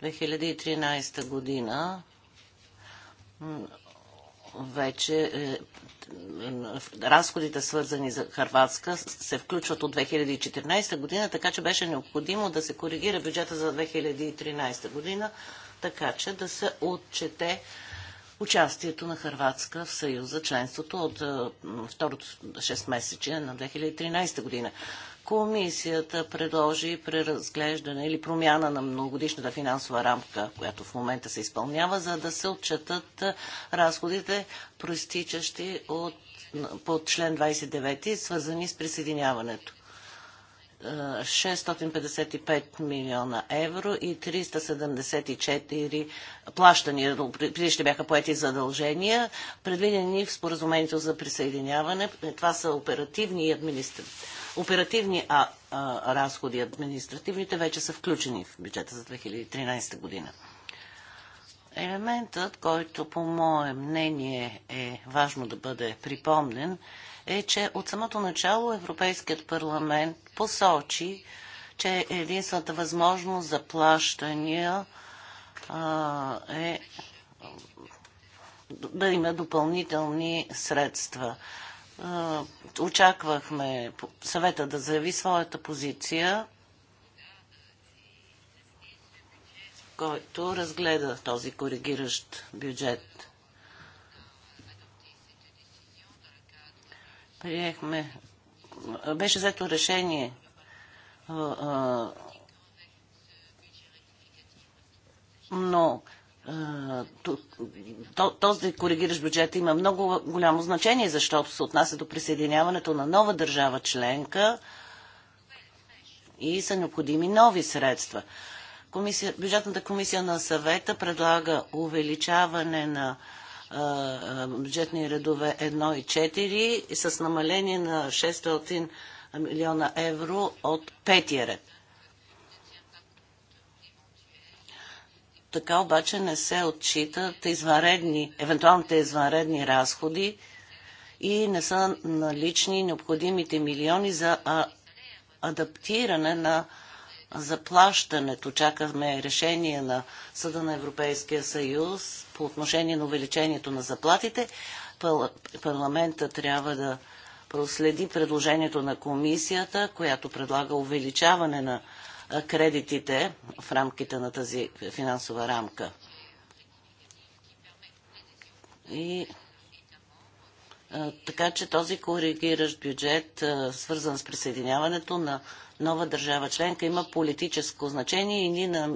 2013 година. Вече е, разходите свързани за Харватска се включват от 2014 година, така че беше необходимо да се коригира бюджета за 2013 година така че да се отчете участието на Харватска в Съюза, членството от второто 6 месече на 2013 година. Комисията предложи преразглеждане или промяна на многогодишната финансова рамка, която в момента се изпълнява, за да се отчетат разходите, проистичащи от, под член 29, свързани с присъединяването. 655 милиона евро и 374 плащания. Предишни бяха поети задължения, предвидени в споразумението за присъединяване. Това са оперативни, и администра... оперативни а, а, разходи. Административните вече са включени в бюджета за 2013 година. Елементът, който по мое мнение е важно да бъде припомнен, е, че от самото начало Европейският парламент посочи, че единствената възможност за плащания а, е да има допълнителни средства. А, очаквахме съвета да заяви своята позиция, който разгледа този коригиращ бюджет. приехме, беше взето решение но този коригираш бюджета има много голямо значение, защото се отнася до присъединяването на нова държава членка и са необходими нови средства. бюджетната комисия на съвета предлага увеличаване на бюджетни редове 1 и 4 с намаление на 600 милиона евро от петия ред. Така обаче не се отчитат извънредни, евентуалните извънредни разходи и не са налични необходимите милиони за адаптиране на заплащането. Чакаме решение на Съда на Европейския съюз по отношение на увеличението на заплатите. Парламента трябва да проследи предложението на комисията, която предлага увеличаване на кредитите в рамките на тази финансова рамка. И така че този коригиращ бюджет, свързан с присъединяването на нова държава членка, има политическо значение и ни на...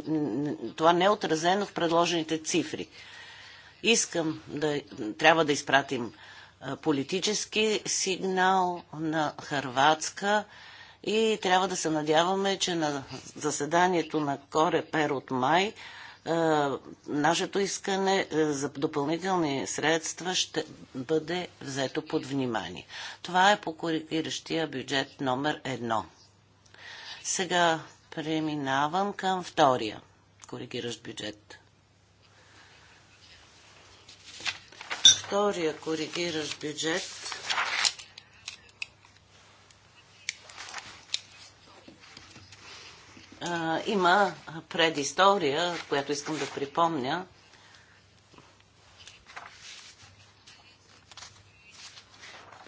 това не е отразено в предложените цифри. Искам да трябва да изпратим политически сигнал на Харватска и трябва да се надяваме, че на заседанието на Коре Пер от май нашето искане е, за допълнителни средства ще бъде взето под внимание. Това е по коригиращия бюджет номер едно. Сега преминавам към втория коригиращ бюджет. Втория коригиращ бюджет има предистория, която искам да припомня.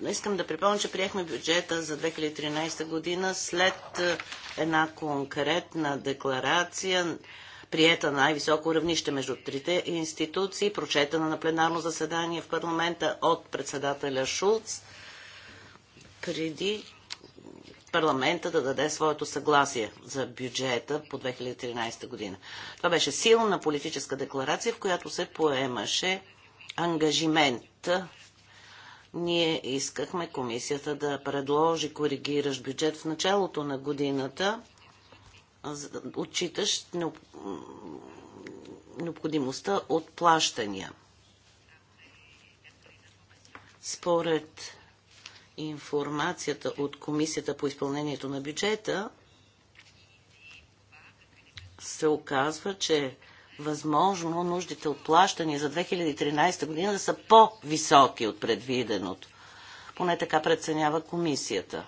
Искам да припомня, че приехме бюджета за 2013 година след една конкретна декларация, приета на най-високо равнище между трите институции, прочетена на пленарно заседание в парламента от председателя Шулц преди парламента да даде своето съгласие за бюджета по 2013 година. Това беше силна политическа декларация, в която се поемаше ангажимент. Ние искахме комисията да предложи коригиращ бюджет в началото на годината, отчитащ необходимостта от плащания. Според информацията от Комисията по изпълнението на бюджета, се оказва, че възможно нуждите от плащане за 2013 година са по-високи от предвиденото. Поне така преценява комисията.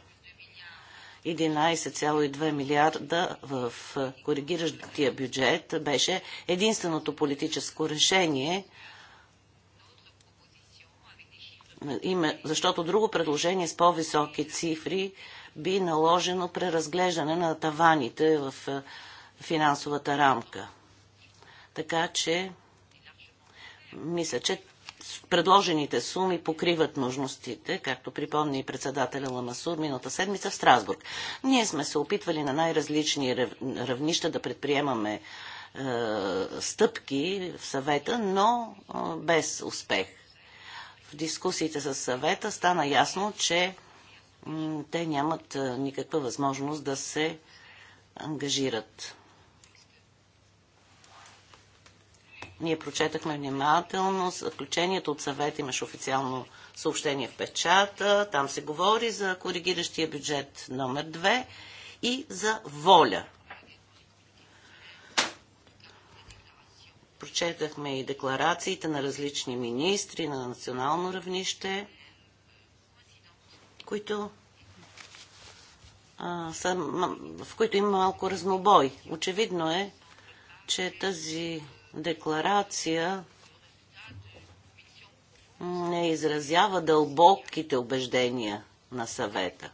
11,2 милиарда в коригиращия бюджет беше единственото политическо решение – защото друго предложение с по-високи цифри би наложено преразглеждане на таваните в е, финансовата рамка. Така че, мисля, че предложените суми покриват нужностите, както припомни и председателя Ламасур миналата седмица в Страсбург. Ние сме се опитвали на най-различни равнища да предприемаме е, стъпки в съвета, но е, без успех в дискусиите с съвета стана ясно, че те нямат никаква възможност да се ангажират. Ние прочетахме внимателно заключението от съвет, имаш официално съобщение в печата, там се говори за коригиращия бюджет номер 2 и за воля Прочетахме и декларациите на различни министри на национално равнище, които са, в които има малко разнобой. Очевидно е, че тази декларация не изразява дълбоките убеждения на съвета.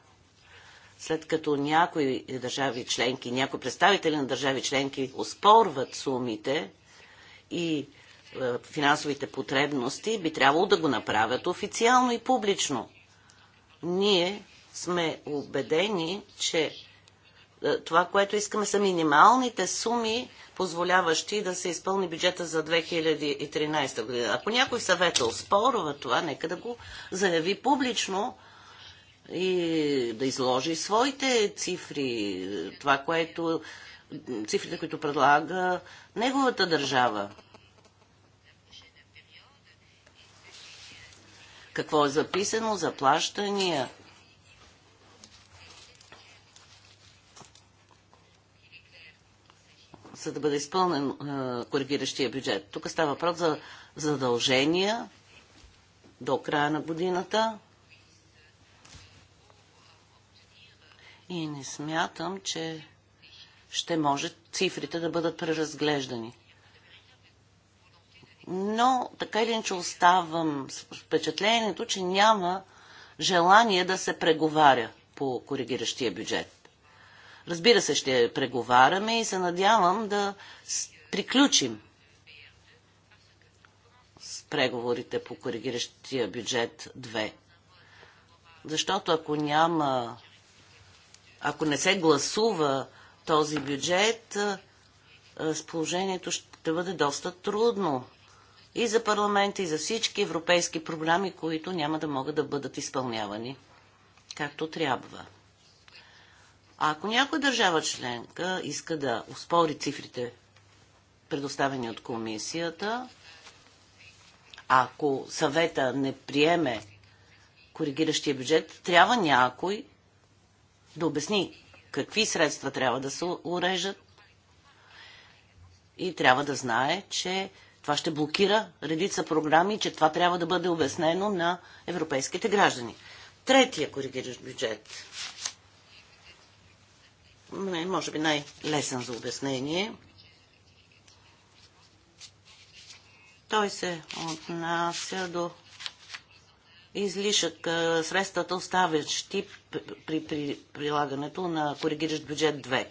След като някои държави членки, някои представители на държави членки оспорват сумите, и е, финансовите потребности, би трябвало да го направят официално и публично. Ние сме убедени, че е, това, което искаме са минималните суми, позволяващи да се изпълни бюджета за 2013 година. Ако някой съвета оспорва това, нека да го заяви публично и да изложи своите цифри, е, това, което цифрите, които предлага неговата държава. Какво е записано за плащания? За да бъде изпълнен е, коригиращия бюджет. Тук става въпрос за задължения до края на годината. И не смятам, че ще може цифрите да бъдат преразглеждани. Но така или иначе оставам с впечатлението, че няма желание да се преговаря по коригиращия бюджет. Разбира се, ще преговаряме и се надявам да приключим с преговорите по коригиращия бюджет 2. Защото ако няма, ако не се гласува този бюджет, положението ще бъде доста трудно. И за парламента, и за всички европейски програми, които няма да могат да бъдат изпълнявани както трябва. А ако някоя държава членка иска да успори цифрите, предоставени от комисията, ако съвета не приеме коригиращия бюджет, трябва някой да обясни какви средства трябва да се урежат и трябва да знае, че това ще блокира редица програми, че това трябва да бъде обяснено на европейските граждани. Третия коригиращ бюджет. Може би най-лесен за обяснение. Той се отнася до излишък, средствата оставящи при, при прилагането на коригиращ бюджет 2.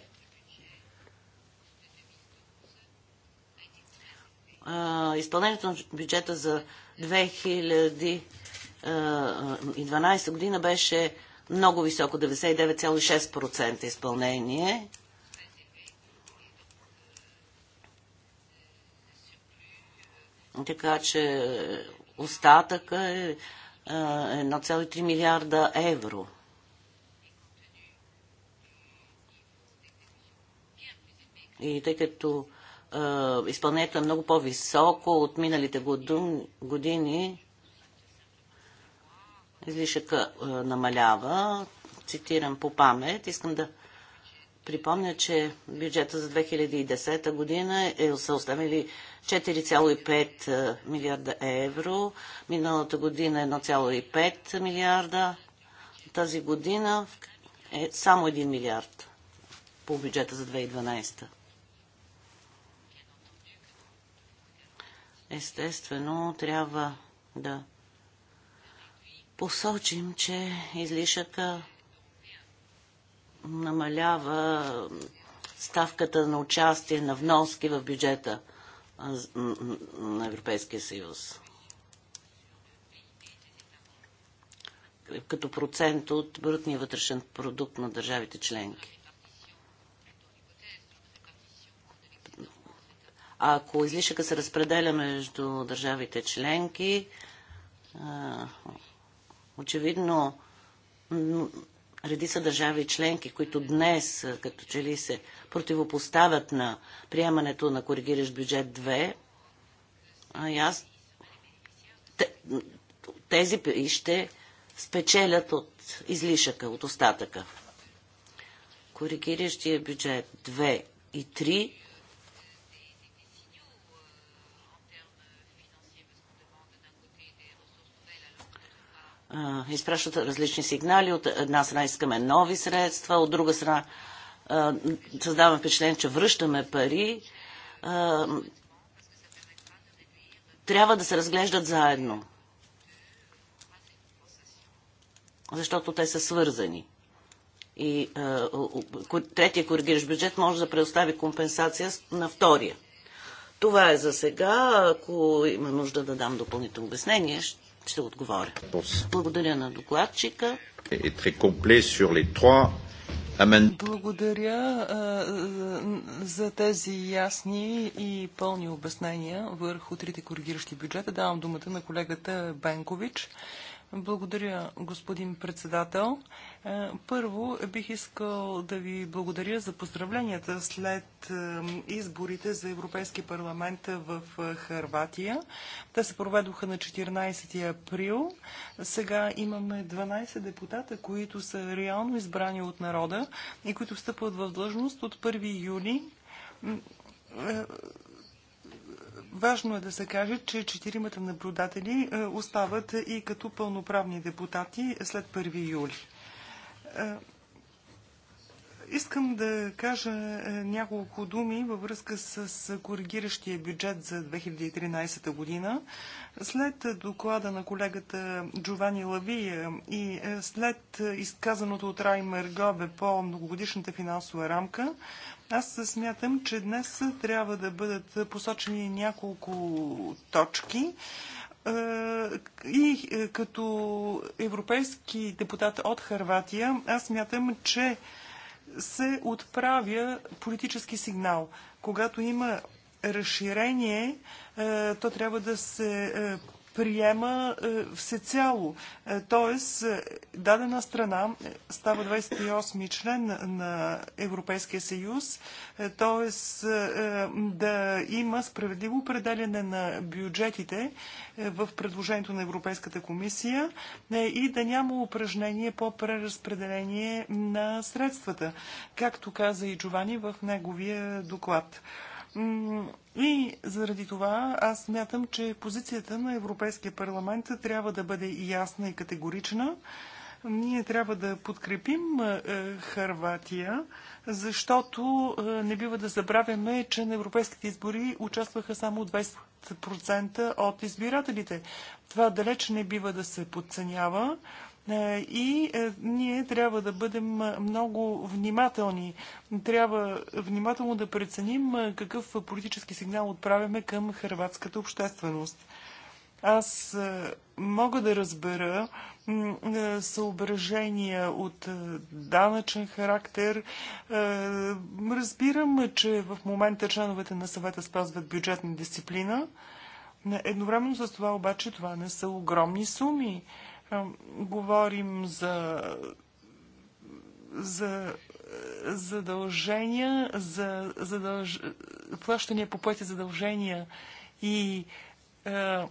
изпълнението на бюджета за 2012 година беше много високо, 99,6% изпълнение. Така че остатъка е 1,3 е, е, милиарда евро. И тъй като е, изпълнението е много по-високо от миналите години, излишъка намалява. Цитирам по памет. Искам да Припомня, че бюджета за 2010 година е, са оставили 4,5 е, милиарда евро, миналата година 1,5 милиарда, тази година е само 1 милиард по бюджета за 2012. Естествено, трябва да посочим, че излишъка намалява ставката на участие на вноски в бюджета на Европейския съюз. като процент от брутния вътрешен продукт на държавите членки. А ако излишъка се разпределя между държавите членки, очевидно редица държави членки, които днес като че ли се противопоставят на приемането на коригиращ бюджет 2, а аз тези пари ще спечелят от излишъка, от остатъка. Коригиращия бюджет 2 и 3 изпращат различни сигнали. От една страна искаме нови средства, от друга страна създаваме впечатление, че връщаме пари. трябва да се разглеждат заедно. Защото те са свързани. И третия коригиращ бюджет може да предостави компенсация на втория. Това е за сега. Ако има нужда да дам допълнително обяснение, ще ще отговоря. Благодаря на докладчика. Е, е Благодаря а, за тези ясни и пълни обяснения върху трите коригиращи бюджета. Давам думата на колегата Бенкович. Благодаря, господин председател. Е, първо бих искал да ви благодаря за поздравленията след е, изборите за Европейски парламент в е, Харватия. Те се проведоха на 14 април. Сега имаме 12 депутата, които са реално избрани от народа и които встъпват в длъжност от 1 юли Важно е да се каже, че четиримата наблюдатели е, остават и като пълноправни депутати след 1 юли. Е, искам да кажа е, няколко думи във връзка с коригиращия бюджет за 2013 година. След доклада на колегата Джовани Лавия и след изказаното от Раймер Гобе по многогодишната финансова рамка, аз смятам, че днес трябва да бъдат посочени няколко точки е, и е, като европейски депутат от Харватия, аз смятам, че се отправя политически сигнал. Когато има разширение, е, то трябва да се приема е, всецяло. Е, тоест, е, дадена страна става 28 член на Европейския съюз, т.е. да има справедливо определене на бюджетите в предложението на Европейската комисия и да няма упражнение по преразпределение на средствата, както каза и Джовани в неговия доклад. И заради това аз смятам, че позицията на Европейския парламент трябва да бъде ясна и категорична. Ние трябва да подкрепим е, е, Харватия, защото е, не бива да забравяме, че на европейските избори участваха само 20% от избирателите. Това далеч не бива да се подценява. Е, и е, ние трябва да бъдем много внимателни. Трябва внимателно да преценим е, какъв политически сигнал отправяме към хрватската общественост. Аз мога да разбера съображения от данъчен характер. Разбирам, че в момента членовете на съвета спазват бюджетна дисциплина. Едновременно с това обаче това не са огромни суми. Е, говорим за, за е, задължения, за задълж... плащания по поети задължения и е,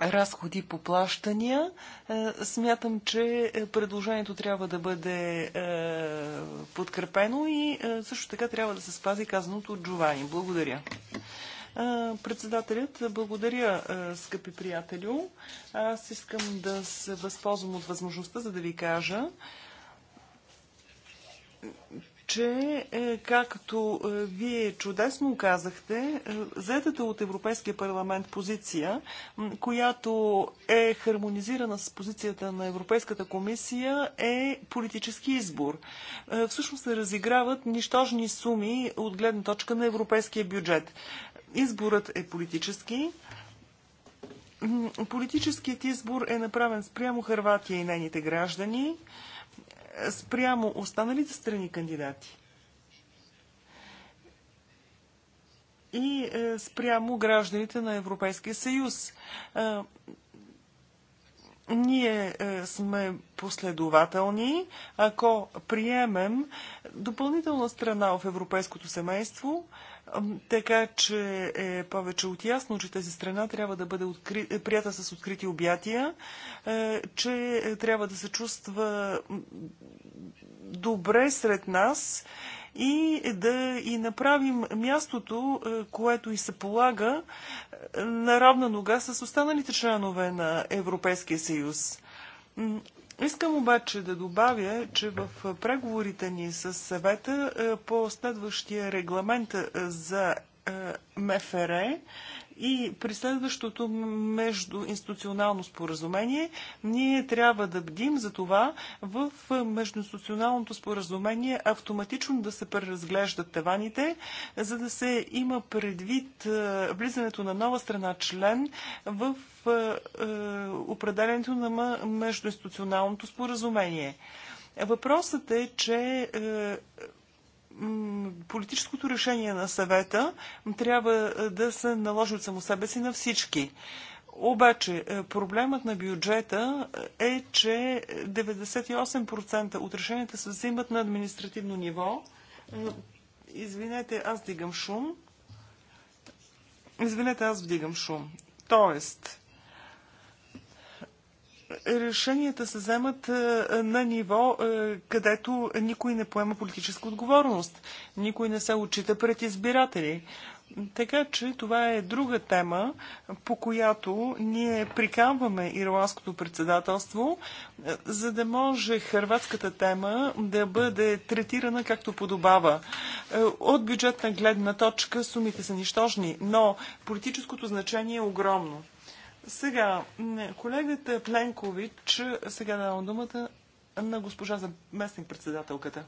разходи по плащания. Е, смятам, че предложението трябва да бъде е, подкрепено и е, също така трябва да се спази казаното от Джовани. Благодаря. Председателят, благодаря, скъпи приятелю. Аз искам да се възползвам от възможността, за да ви кажа, че, е, както е, вие чудесно казахте, е, заедата от Европейския парламент позиция, която е хармонизирана с позицията на Европейската комисия, е политически избор. Всъщност се разиграват нищожни суми от гледна точка на европейския бюджет. Изборът е политически. Политическият избор е направен спрямо Харватия и нейните граждани, спрямо останалите страни кандидати и е, спрямо гражданите на Европейския съюз. Е, ние е, сме последователни, ако приемем допълнителна страна в европейското семейство, така че е повече от ясно, че тази страна трябва да бъде откри... Е прията с открити обятия, е, че е, трябва да се чувства добре сред нас и да и направим мястото, което и се полага на равна нога с останалите членове на Европейския съюз. Искам обаче да добавя, че в преговорите ни с съвета е, по следващия регламент е, за е, МФР и при следващото междуинституционално споразумение ние трябва да бдим за това в междуинституционалното споразумение автоматично да се преразглеждат таваните, за да се има предвид е, влизането на нова страна член в е, е, определенето на междуинституционалното споразумение. Въпросът е, че политическото решение на съвета трябва е, да се наложи от само себе си на всички. Обаче е, проблемът на бюджета е, че 98% от решенията се взимат на административно ниво. Извинете, аз дигам шум. Извинете, аз вдигам шум. Тоест, решенията се вземат е, на ниво, е, където никой не поема политическа отговорност, никой не се отчита пред избиратели. Така че това е друга тема, по която ние приканваме ирландското председателство, е, за да може хърватската тема да бъде третирана както подобава. От бюджетна гледна точка сумите са нищожни, но политическото значение е огромно. Сега, колегата Пленкович, сега давам думата на госпожа заместник-председателката.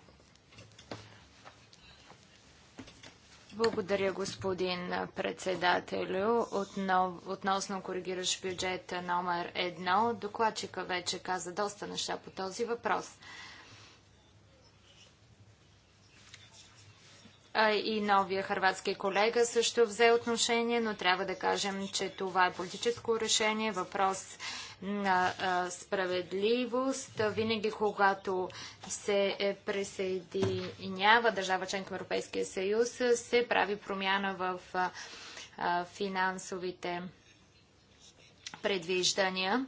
Благодаря, господин председателю. относно коригиращ бюджет номер едно, докладчика вече каза доста неща по този въпрос. и новия харватски колега също взе отношение, но трябва да кажем, че това е политическо решение, въпрос на справедливост. Винаги, когато се е, присъединява държава членка на Европейския съюз, се прави промяна в финансовите предвиждания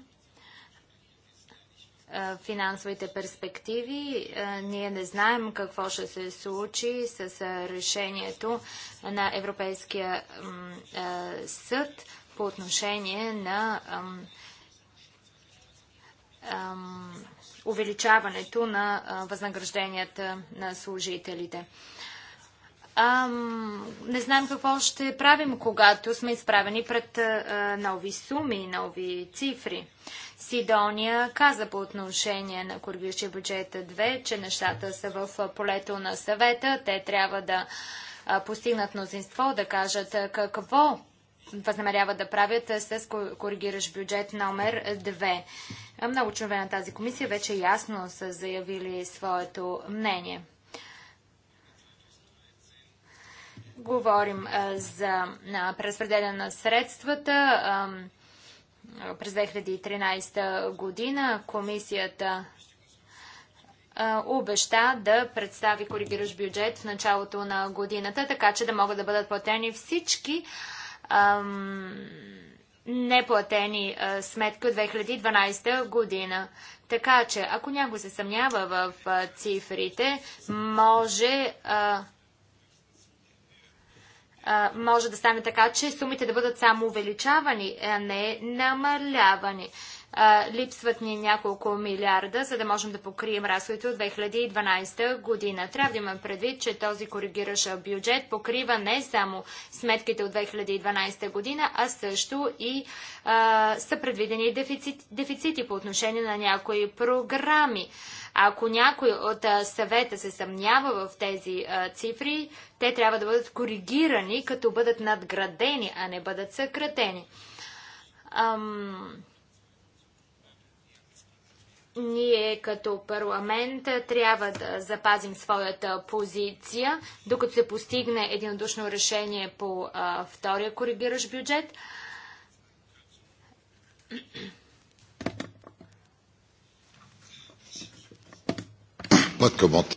финансовите перспективи. Ние не знаем какво ще се случи с решението на Европейския съд по отношение на увеличаването на възнагражденията на служителите. Ам, не знаем какво ще правим, когато сме изправени пред а, нови суми, нови цифри. Сидония каза по отношение на коригиращия бюджет 2, че нещата са в полето на съвета. Те трябва да а, постигнат мнозинство, да кажат какво възнамеряват да правят с коригиращ бюджет номер 2. Много членове на тази комисия вече ясно са заявили своето мнение. Говорим за преразпределение на средствата. През 2013 година комисията обеща да представи коригиращ бюджет в началото на годината, така че да могат да бъдат платени всички неплатени сметки от 2012 година. Така че, ако някой се съмнява в цифрите, може да може да стане така, че сумите да бъдат само увеличавани, а не намалявани липсват ни няколко милиарда, за да можем да покрием разходите от 2012 година. Трябва да имам предвид, че този коригираш бюджет покрива не само сметките от 2012 година, а също и а, са предвидени дефицити по отношение на някои програми. Ако някой от съвета се съмнява в тези а, цифри, те трябва да бъдат коригирани, като бъдат надградени, а не бъдат съкратени. Ам... Ние като парламент трябва да запазим своята позиция, докато се постигне единодушно решение по а, втория коригиращ бюджет.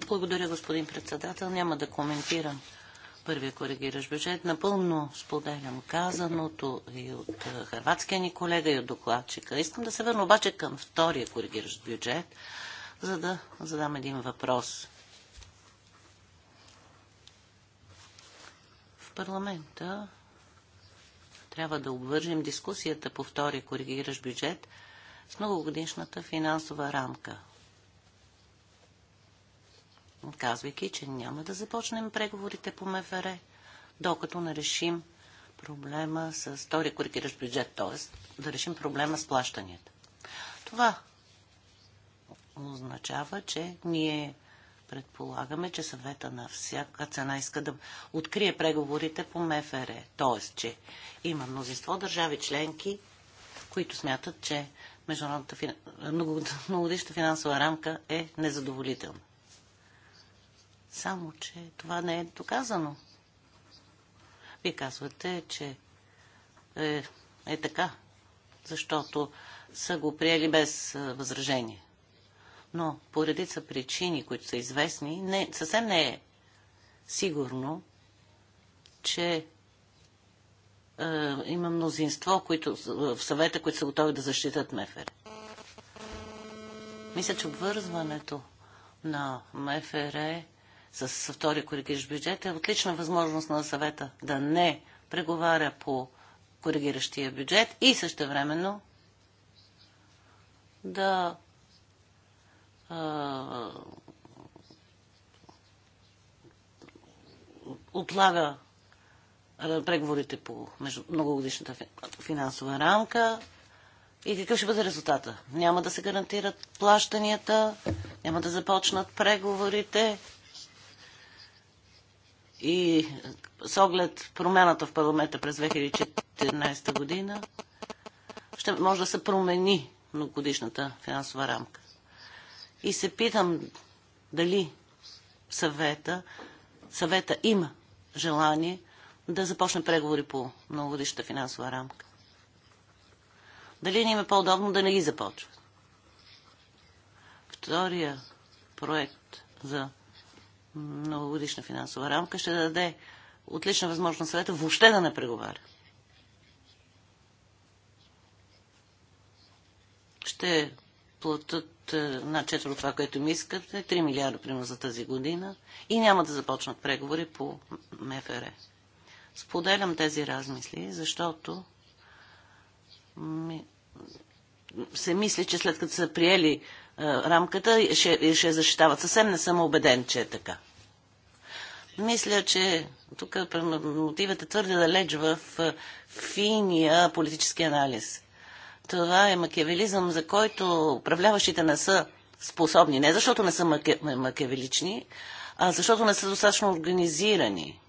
Благодаря, господин председател. Няма да коментирам първия коригиращ бюджет. Напълно споделям казаното и от е, хрватския ни колега, и от докладчика. Искам да се върна обаче към втория коригиращ бюджет, за да задам един въпрос. В парламента трябва да обвържим дискусията по втория коригиращ бюджет с многогодишната финансова рамка – казвайки, че няма да започнем преговорите по МФР, докато не решим проблема с втори коригиращ бюджет, т.е. да решим проблема с плащанията. Това означава, че ние предполагаме, че съвета на всяка цена иска да открие преговорите по МФР. Т.е. че има мнозинство държави членки, които смятат, че международната фин... многогодишна финансова рамка е незадоволителна. Само, че това не е доказано. Вие казвате, че е, е така, защото са го приели без е, възражение. Но по редица причини, които са известни, не, съвсем не е сигурно, че е, има мнозинство които, в съвета, които са готови да защитат МЕФЕР. Мисля, че обвързването на МФР е с втори коригиращ бюджет е отлична възможност на съвета да не преговаря по коригиращия бюджет и също времено да отлага преговорите по многогодишната финансова рамка и какъв ще бъде резултата? Няма да се гарантират плащанията, няма да започнат преговорите и с оглед промената в парламента през 2014 година ще може да се промени многогодишната финансова рамка. И се питам дали съвета, съвета има желание да започне преговори по многогодишната финансова рамка. Дали не им е по-удобно да не ги започват. Втория проект за многогодишна финансова рамка ще даде отлична възможност съвета въобще да не преговаря. Ще платят е, на четвърто това, което ми искате, 3 милиарда примерно за тази година и няма да започнат преговори по МФР. Споделям тези размисли, защото се мисли, че след като са приели рамката ще, ще защитават. Съвсем не съм убеден, че е така. Мисля, че тук мотивът е твърде далеч в финия политически анализ. Това е макевелизъм, за който управляващите не са способни. Не защото не са маке, макевелични, а защото не са достатъчно организирани.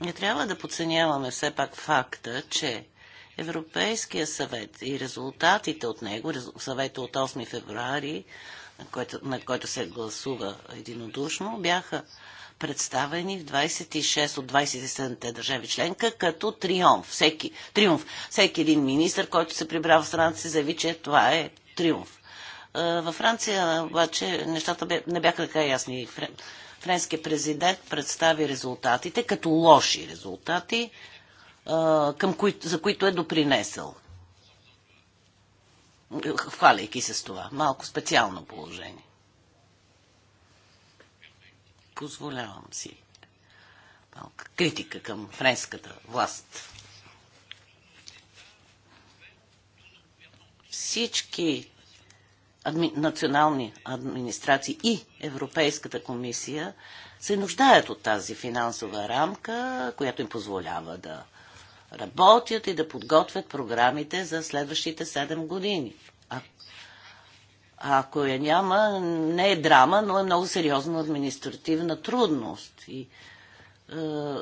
Не трябва да подценяваме все пак факта, че Европейския съвет и резултатите от него, съвета от 8 февруари, на който, на който се гласува единодушно, бяха представени в 26 от 27-те държави членка като триумф. Всеки, триумф. Всеки един министр, който се прибра в страната си, заяви, че това е триумф. Във Франция обаче нещата не бяха така ясни. Френският президент представи резултатите като лоши резултати, към кои, за които е допринесъл. Хваляйки се с това. Малко специално положение. Позволявам си малка критика към френската власт. Всички адми... национални администрации и Европейската комисия се нуждаят от тази финансова рамка, която им позволява да работят и да подготвят програмите за следващите 7 години. А, ако я няма, не е драма, но е много сериозна административна трудност. И, е,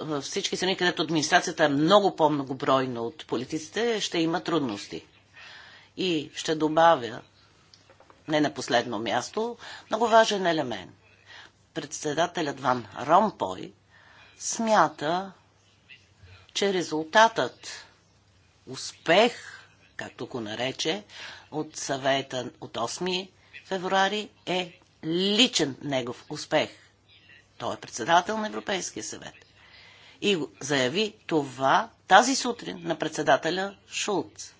във всички страни, където администрацията е много по-многобройна от политиците, ще има трудности. И ще добавя, не на последно място, много важен елемент. Председателят Ван Ромпой смята, че резултатът, успех, както го нарече, от съвета от 8 февруари е личен негов успех. Той е председател на Европейския съвет. И заяви това тази сутрин на председателя Шулц.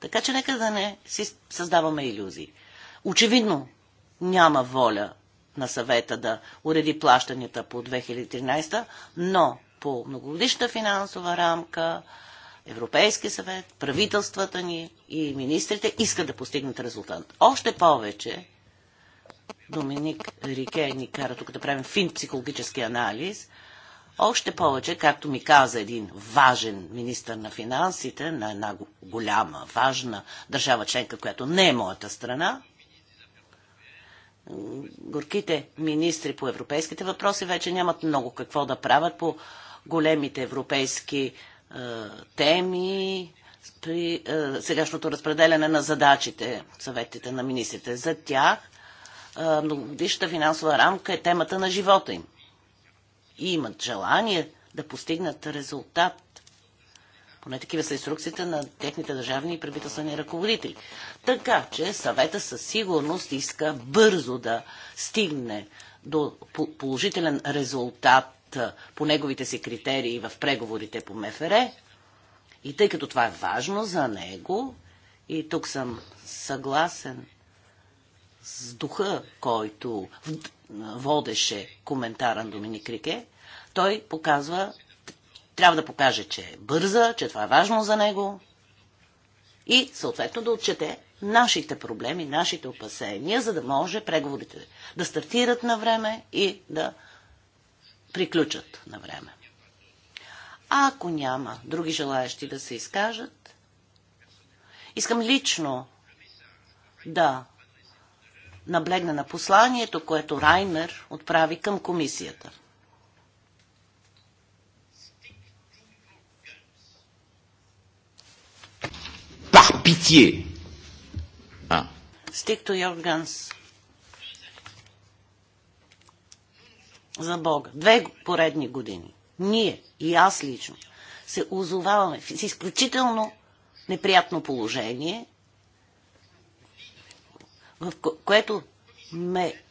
Така че нека да не си създаваме иллюзии. Очевидно няма воля на съвета да уреди плащанията по 2013, но по многогодишна финансова рамка, Европейски съвет, правителствата ни и министрите искат да постигнат резултат. Още повече, Доминик Рике ни кара тук да правим фин психологически анализ, още повече, както ми каза един важен министр на финансите на една голяма, важна държава членка, която не е моята страна, горките министри по европейските въпроси вече нямат много какво да правят по големите европейски е, теми при е, сегашното разпределяне на задачите, съветите на министрите. За тях е, многогодишната финансова рамка е темата на живота им. И имат желание да постигнат резултат. Поне такива са инструкциите на техните държавни и правителствени ръководители. Така че съвета със сигурност иска бързо да стигне до положителен резултат е, по неговите си критерии в преговорите по МФР. И тъй като това е важно за него, и тук съм съгласен с духа, който водеше коментара на Доминик Рике, той показва, трябва да покаже, че е бърза, че това е важно за него и съответно да отчете нашите проблеми, нашите опасения, за да може преговорите да стартират на време и да приключат на време. А ако няма други желаящи да се изкажат, искам лично да наблегна на посланието, което Раймер отправи към комисията. Par pitié! Ah. Stick to your guns. за Бога. Две поредни години. Ние и аз лично се озоваваме в изключително неприятно положение, в което ме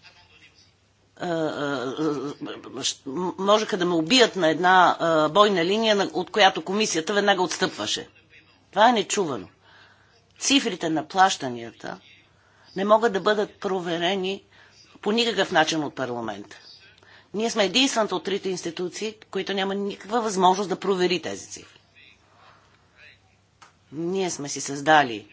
можеха да ме убият на една бойна линия, от която комисията веднага отстъпваше. Това е нечувано. Цифрите на плащанията не могат да бъдат проверени по никакъв начин от парламента. Ние сме единствената от трите институции, които няма никаква възможност да провери тези цифри. Ние сме си създали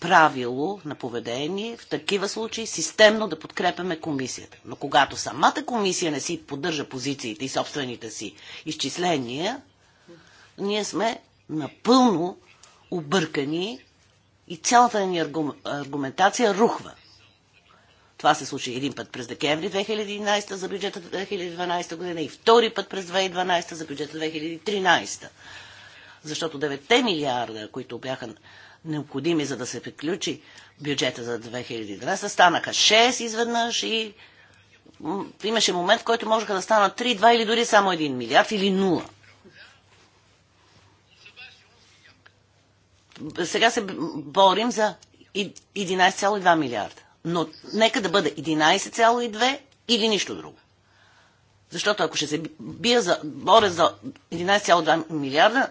правило на поведение в такива случаи системно да подкрепяме комисията. Но когато самата комисия не си поддържа позициите и собствените си изчисления, ние сме напълно объркани и цялата ни аргументация рухва. Това се случи един път през декември 2011 за бюджета 2012 година и втори път през 2012 за бюджета 2013. Защото 9 милиарда, които бяха необходими за да се приключи бюджета за 2012, станаха 6 изведнъж и имаше момент, в който можеха да станат 3, 2 или дори само 1 милиард или 0. Сега се борим за 11,2 милиарда но нека да бъде 11,2 или нищо друго. Защото ако ще се бия за, боря за 11,2 милиарда,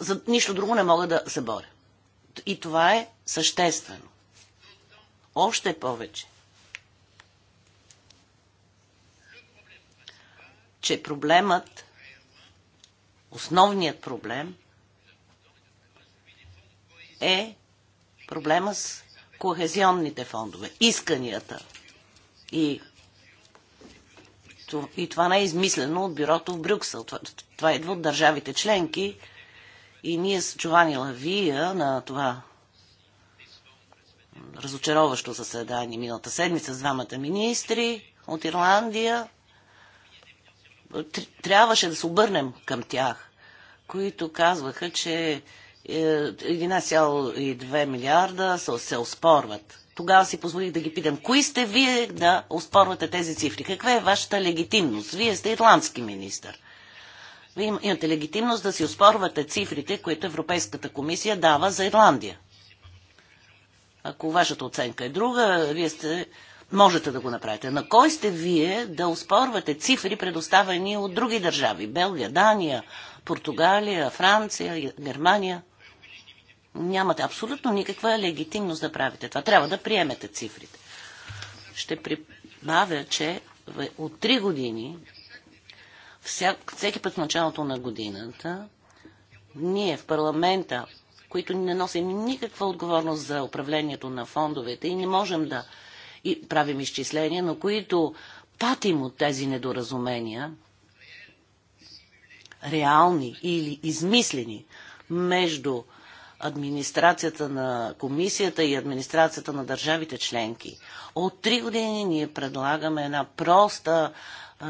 за нищо друго не мога да се боря. И това е съществено. Още повече. Че проблемът, основният проблем е проблема с кохезионните фондове, исканията. И, и това не е измислено от бюрото в Брюксел. Това, това идва от държавите членки. И ние с Джованни Лавия на това разочароващо заседание миналата седмица с двамата министри от Ирландия. Трябваше да се обърнем към тях, които казваха, че 11,2 е, милиарда се оспорват. Тогава си позволих да ги питам, кои сте вие да оспорвате тези цифри? Каква е вашата легитимност? Вие сте ирландски министр. Вие имате легитимност да си оспорвате цифрите, които Европейската комисия дава за Ирландия. Ако вашата оценка е друга, вие сте, можете да го направите. На кой сте вие да оспорвате цифри, предоставени от други държави? Белгия, Дания, Португалия, Франция, Германия? Нямате абсолютно никаква легитимност да правите това. Трябва да приемете цифрите. Ще прибавя, че от три години, вся, всеки път в началото на годината, ние в парламента, които не носим никаква отговорност за управлението на фондовете и не можем да и правим изчисления, но които патим от тези недоразумения, реални или измислени, между администрацията на комисията и администрацията на държавите членки. От три години ние предлагаме една проста е,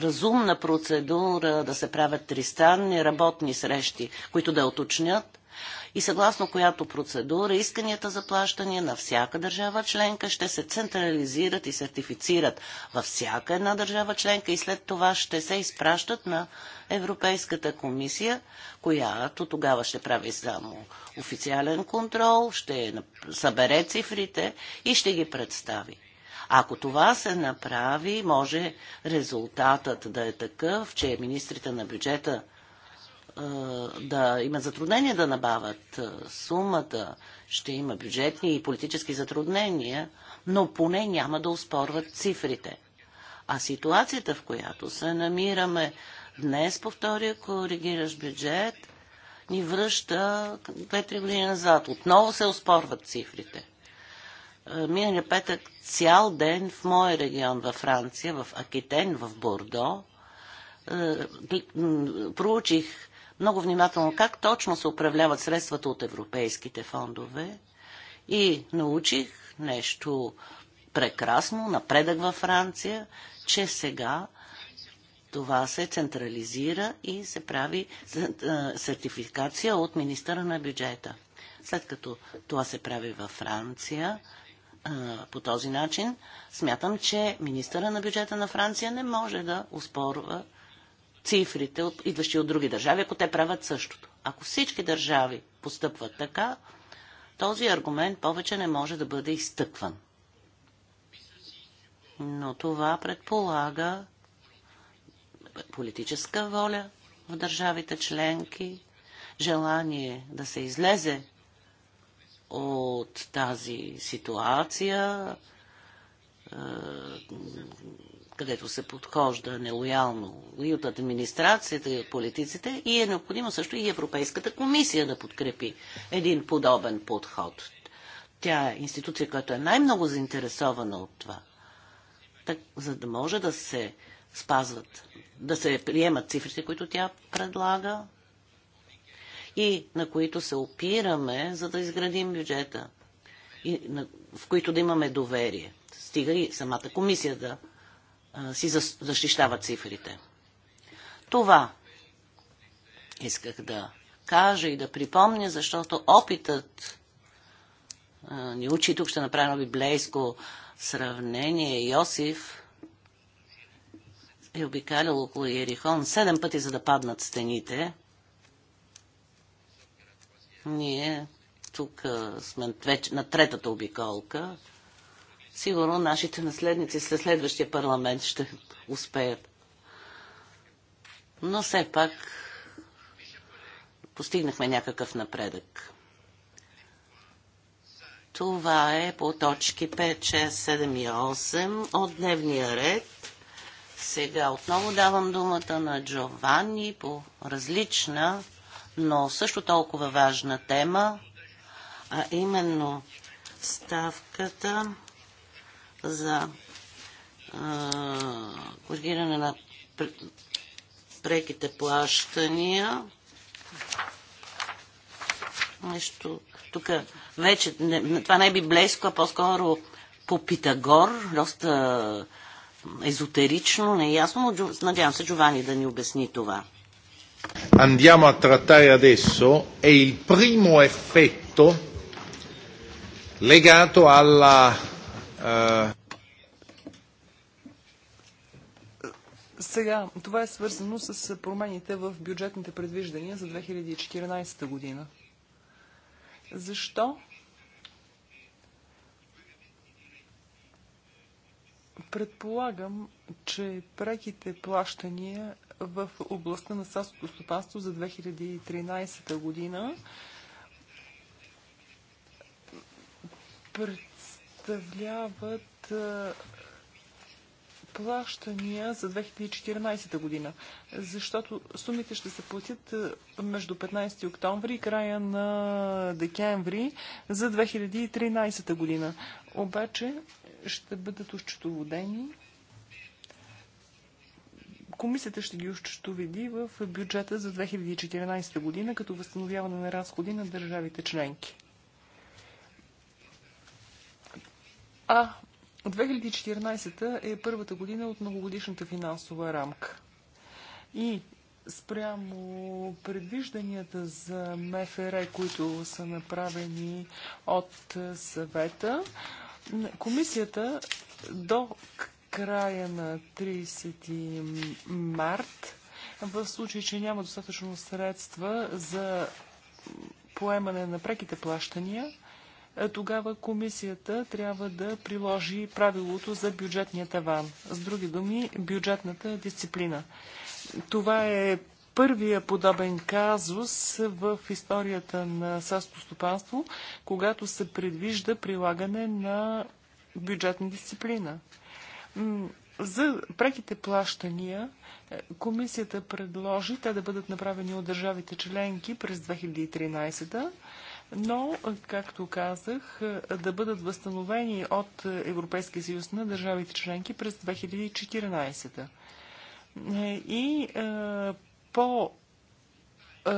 разумна процедура да се правят тристранни работни срещи, които да оточнят и съгласно която процедура исканията за плащания на всяка държава членка ще се централизират и сертифицират във всяка една държава членка и след това ще се изпращат на Европейската комисия, която тогава ще прави само официален контрол, ще събере цифрите и ще ги представи. Ако това се направи, може резултатът да е такъв, че министрите на бюджета да имат затруднения да набавят сумата, ще има бюджетни и политически затруднения, но поне няма да успорват цифрите. А ситуацията, в която се намираме днес по втория коригиращ бюджет, ни връща 2-3 години назад. Отново се успорват цифрите. Миналия петък цял ден в моя регион във Франция, в Акитен, в Бордо, проучих много внимателно как точно се управляват средствата от европейските фондове и научих нещо прекрасно, напредък във Франция, че сега това се централизира и се прави сертификация от министъра на бюджета. След като това се прави във Франция, по този начин, смятам, че министъра на бюджета на Франция не може да успорва цифрите, идващи от други държави, ако те правят същото. Ако всички държави постъпват така, този аргумент повече не може да бъде изтъкван. Но това предполага политическа воля в държавите членки, желание да се излезе от тази ситуация, е, където се подхожда нелоялно и от администрацията, и от политиците, и е необходимо също и Европейската комисия да подкрепи един подобен подход. Тя е институция, която е най-много заинтересована от това, так, за да може да се спазват, да се приемат цифрите, които тя предлага и на които се опираме, за да изградим бюджета, и на, в които да имаме доверие. Стига и самата комисия да си защищава цифрите. Това исках да кажа и да припомня, защото опитът ни учи, тук ще направим библейско сравнение, Йосиф е обикалял около Ерихон седем пъти, за да паднат стените. Ние тук сме на третата обиколка. Сигурно нашите наследници след следващия парламент ще успеят. Но все пак постигнахме някакъв напредък. Това е по точки 5, 6, 7 и 8 от дневния ред. Сега отново давам думата на Джованни по различна, но също толкова важна тема, а именно ставката за а, коригиране на преките плащания. Нещо тук вече не, това не е библейско, а по-скоро по Питагор, доста езотерично, неясно, но надявам се Джовани да ни обясни това. Andiamo a trattare adesso è il primo effetto legato alla eh, Сега, това е свързано с промените в бюджетните предвиждания за 2014 година. Защо? Предполагам, че преките плащания в областта на САСото стопанство за 2013 година представляват плащания за 2014 година, защото сумите ще се платят е, между 15 октомври и края на декември за 2013 година. Обаче ще бъдат ощетоводени. Комисията ще ги ощетоведи в бюджета за 2014 година, като възстановяване на разходи на държавите членки. А 2014 е първата година от многогодишната финансова рамка. И спрямо предвижданията за МФР, които са направени от съвета, комисията до края на 30 март, в случай, че няма достатъчно средства за поемане на преките плащания, е, тогава комисията трябва да приложи правилото за бюджетния таван. С други думи, бюджетната дисциплина. Това е първия подобен казус в историята на селско стопанство, когато се предвижда прилагане на бюджетна дисциплина. За преките плащания е, комисията предложи те да бъдат направени от държавите членки през 2013 но, както казах, да бъдат възстановени от Европейския съюз на държавите членки през 2014. И е, по е,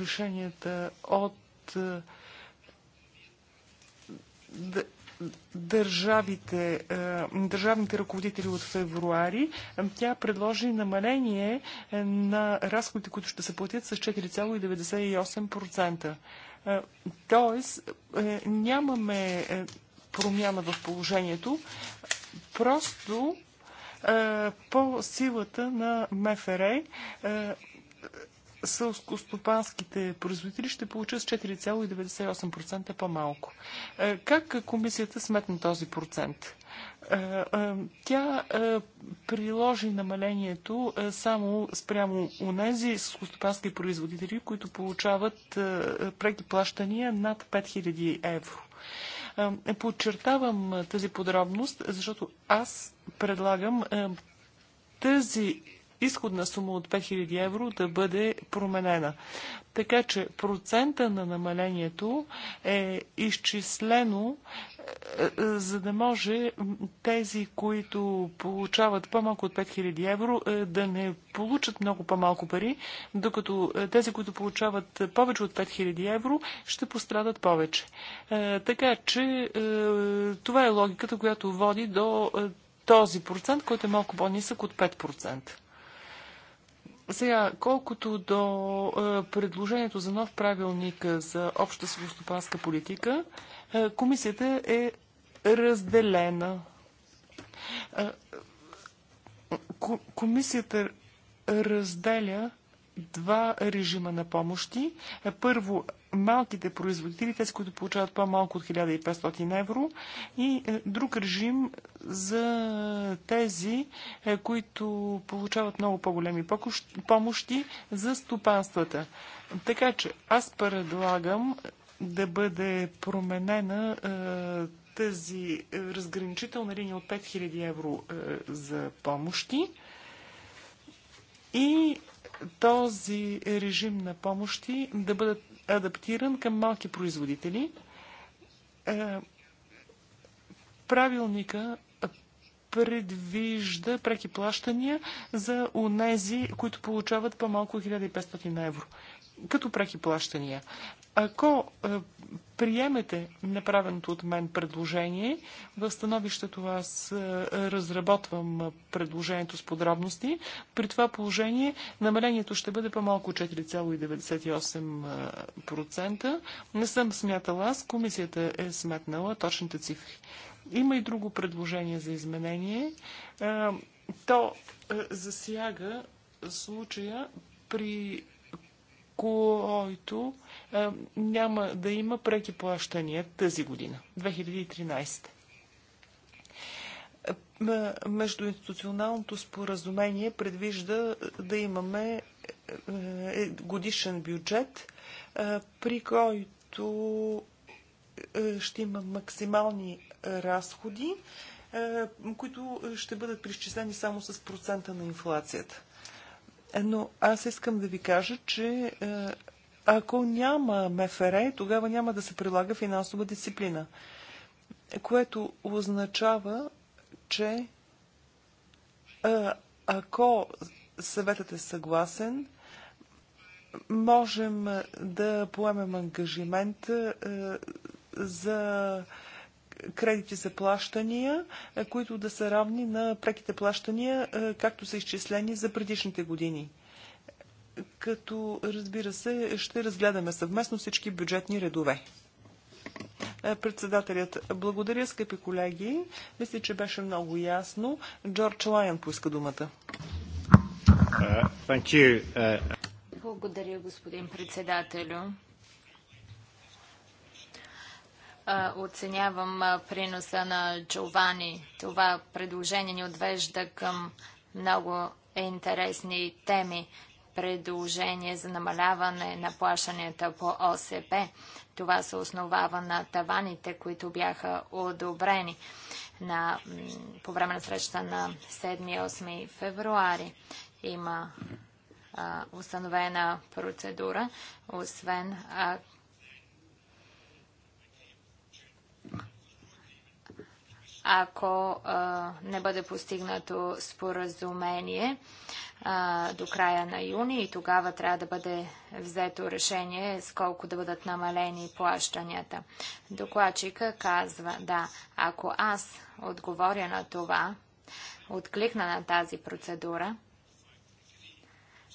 решенията от е, държавите, държавните ръководители от февруари, тя предложи намаление на разходите, които ще се платят с 4,98%. Е, тоест, е, нямаме е, промяна в положението, просто по силата на МФР сълскостопанските производители ще получат с 4,98% по-малко. Как комисията сметна този процент? Тя приложи намалението само спрямо нези, скостопански производители, които получават преки плащания над 5000 евро. Подчертавам тази подробност, защото аз предлагам тази изходна сума от 5000 евро да бъде променена. Така че процента на намалението е изчислено, е, е, за да може тези, които получават по-малко от 5000 евро, е, да не получат много по-малко пари, докато тези, които получават повече от 5000 евро, ще пострадат повече. Така че това е логиката, която води до този процент, който е малко по-нисък от 5%. Сега, колкото до е, предложението за нов правилник е, за обща селостопанска политика, е, комисията е разделена. Комисията разделя два режима на помощи. Първо малките производители, тези, които получават по-малко от 1500 евро и е, друг режим за тези, е, които получават много по-големи помощи за стопанствата. Така че аз предлагам да бъде променена е, тази разграничителна линия от 5000 евро за помощи и този режим на помощи да бъде адаптиран към малки производители. Е, правилника предвижда преки плащания за унези, които получават по-малко 1500 евро като преки плащания. Ако е, приемете направеното от мен предложение, в становището аз е, разработвам предложението с подробности. При това положение намалението ще бъде по-малко 4,98%. Е, Не съм смятала аз, комисията е сметнала точните цифри. Има и друго предложение за изменение. Е, то е, засяга случая при който а, няма да има преки плащания тази година, 2013 междуинституционалното споразумение предвижда да имаме е, е, годишен бюджет, при който е, ще има максимални разходи, които ще бъдат преизчислени само с процента на инфлацията но аз искам да ви кажа, че е, ако няма МФР, тогава няма да се прилага финансова дисциплина, което означава, че е, ако съветът е съгласен, можем да поемем ангажимент е, за кредити за плащания, е, които да са равни на преките плащания, е, както са изчислени за предишните години. Като, разбира се, ще разгледаме съвместно всички бюджетни редове. Е, председателят, благодаря, скъпи колеги. Мисля, че беше много ясно. Джордж Лайън поиска думата. Uh, uh, благодаря, господин председателю оценявам приноса на Джовани. Това предложение ни отвежда към много интересни теми. Предложение за намаляване на плащанията по ОСП. Това се основава на таваните, които бяха одобрени на, по време на среща на 7-8 февруари. Има установена процедура, освен ако ако а, не бъде постигнато споразумение а, до края на юни и тогава трябва да бъде взето решение с колко да бъдат намалени плащанията. Докладчика казва, да, ако аз отговоря на това, откликна на тази процедура,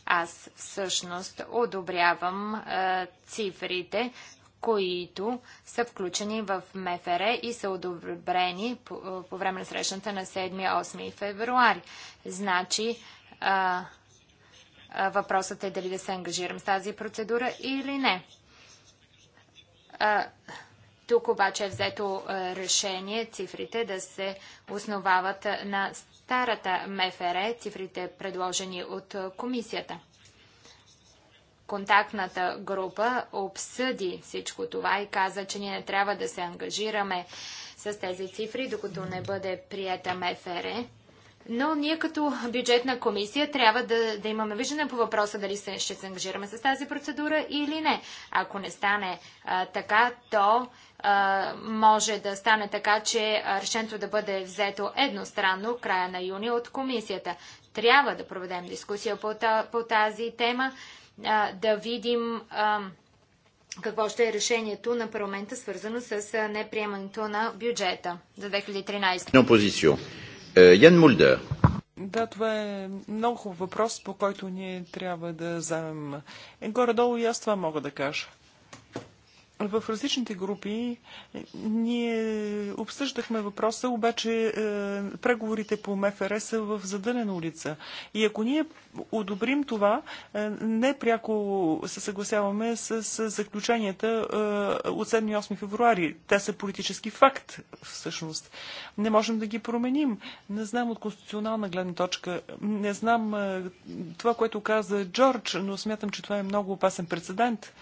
аз всъщност одобрявам цифрите, които са включени в МФР и са одобрени по, по време на срещната на 7-8 февруари. Значи, а, а, въпросът е дали да се ангажирам с тази процедура или не. А, тук обаче е взето решение цифрите да се основават на старата МФР, цифрите предложени от комисията контактната група обсъди всичко това и каза, че ние не трябва да се ангажираме с тези цифри, докато не бъде прията МФР. Но ние като бюджетна комисия трябва да, да имаме виждане по въпроса дали се, ще се ангажираме с тази процедура или не. Ако не стане а, така, то а, може да стане така, че решението да бъде взето едностранно края на юни от комисията. Трябва да проведем дискусия по, по тази тема да видим какво ще е решението на парламента, свързано с неприемането на бюджета за 2013. Е, Ян Мулдер. Да, това е много хубав въпрос, по който ние трябва да вземем. Е, горе-долу и аз това мога да кажа. В различните групи е, ние обсъждахме въпроса, обаче е, преговорите по МФР са в задънена улица. И ако ние одобрим това, е, пряко се съгласяваме с, с заключенията е, от 7-8 февруари. Те са политически факт, всъщност. Не можем да ги променим. Не знам от конституционална гледна точка. Не знам е, това, което каза Джордж, но смятам, че това е много опасен прецедент,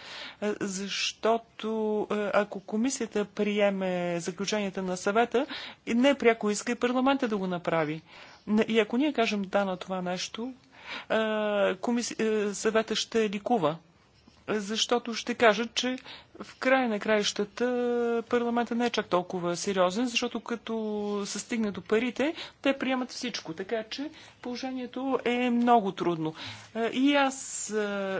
е, защото който, е, ако комисията приеме заключенията на съвета, не пряко иска и парламента да го направи. И ако ние кажем да на това нещо, е, е, съвета ще ликува защото ще кажат, че в края на краищата парламента не е чак толкова сериозен, защото като се стигне до парите, те приемат всичко. Така че положението е много трудно. И аз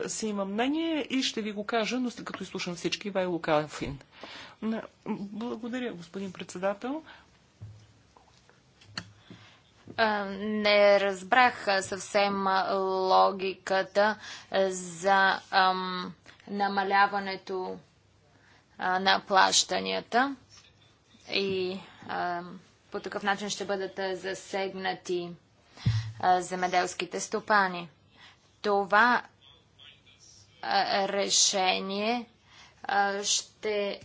си имам мнение и ще ви го кажа, но след като изслушам всички, Вайло Калфин. Благодаря, господин председател. Не разбрах съвсем логиката за намаляването на плащанията и по такъв начин ще бъдат засегнати земеделските стопани. Това решение ще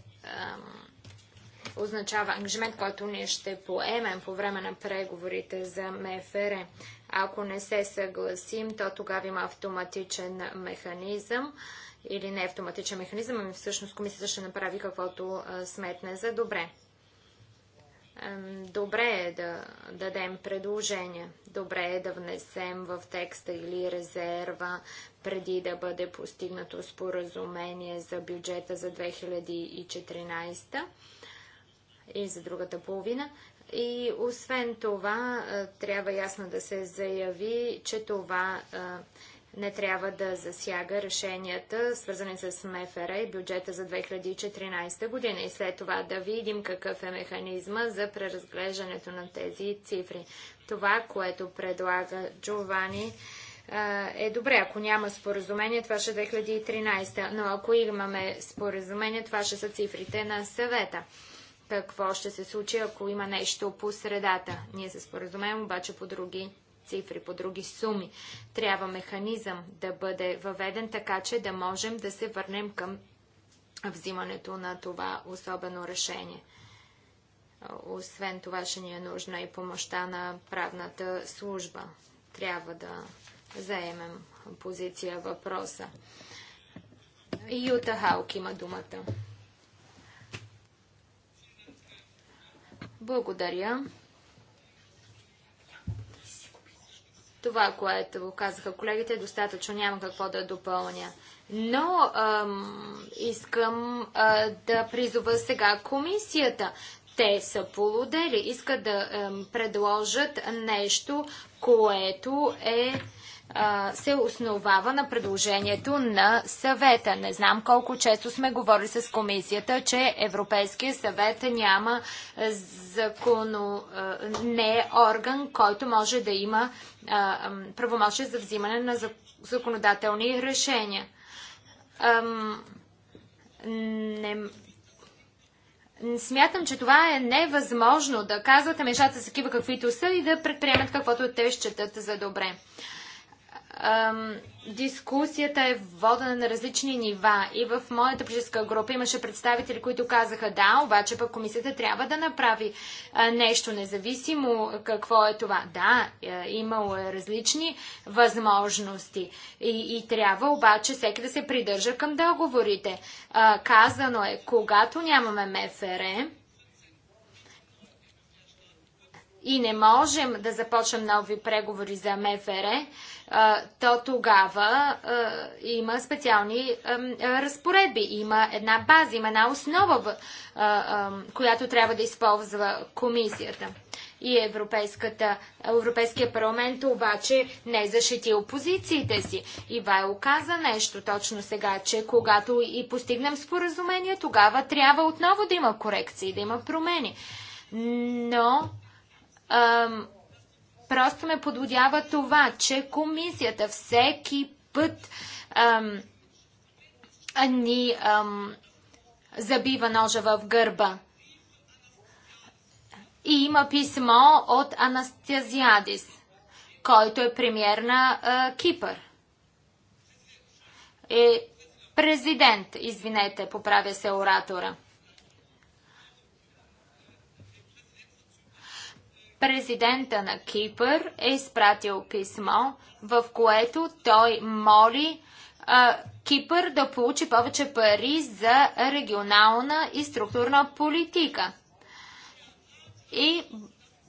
означава ангажимент, който ние ще поемем по време на преговорите за МФР. Ако не се съгласим, то тогава има автоматичен механизъм или не автоматичен механизъм, ами всъщност комисията ще направи каквото сметне за добре. Добре е да дадем предложение. Добре е да внесем в текста или резерва преди да бъде постигнато споразумение за бюджета за 2014 и за другата половина. И освен това, трябва ясно да се заяви, че това не трябва да засяга решенията, свързани с МФР и бюджета за 2014 година. И след това да видим какъв е механизма за преразглеждането на тези цифри. Това, което предлага Джовани, е добре. Ако няма споразумение, това ще е 2013. Но ако имаме споразумение, това ще са цифрите на съвета какво ще се случи, ако има нещо по средата. Ние се споразумеем обаче по други цифри, по други суми. Трябва механизъм да бъде въведен така, че да можем да се върнем към взимането на това особено решение. Освен това ще ни е нужна и помощта на правната служба. Трябва да заемем позиция въпроса. Юта Халк има думата. Благодаря. Това, което казаха колегите, е достатъчно. Няма какво да допълня. Но ам, искам а, да призова сега комисията. Те са полудели. Искат да ам, предложат нещо, което е се основава на предложението на съвета. Не знам колко често сме говорили с комисията, че Европейския съвет няма закону, не е орган, който може да има правомощие за взимане на законодателни решения. Не, Смятам, че това е невъзможно да казвате нещата такива каквито са и да предприемат каквото те считат за добре дискусията е водена на различни нива и в моята политическа група имаше представители, които казаха да, обаче пък комисията трябва да направи нещо независимо какво е това. Да, е, имало е различни възможности и, и трябва обаче всеки да се придържа към договорите. казано е, когато нямаме МФР, и не можем да започнем нови преговори за МФР, то тогава има специални разпоредби, има една база, има една основа, която трябва да използва комисията. И Европейския парламент обаче не защити опозициите си. си. Ивайло каза нещо точно сега, че когато и постигнем споразумение, тогава трябва отново да има корекции, да има промени. Но просто ме подводява това, че комисията всеки път ни забива ножа в гърба. И има писмо от Анастазиадис, който е премьер на Кипър. Е, президент, извинете, поправя се оратора. Президента на Кипър е изпратил писмо, в което той моли а, Кипър да получи повече пари за регионална и структурна политика. И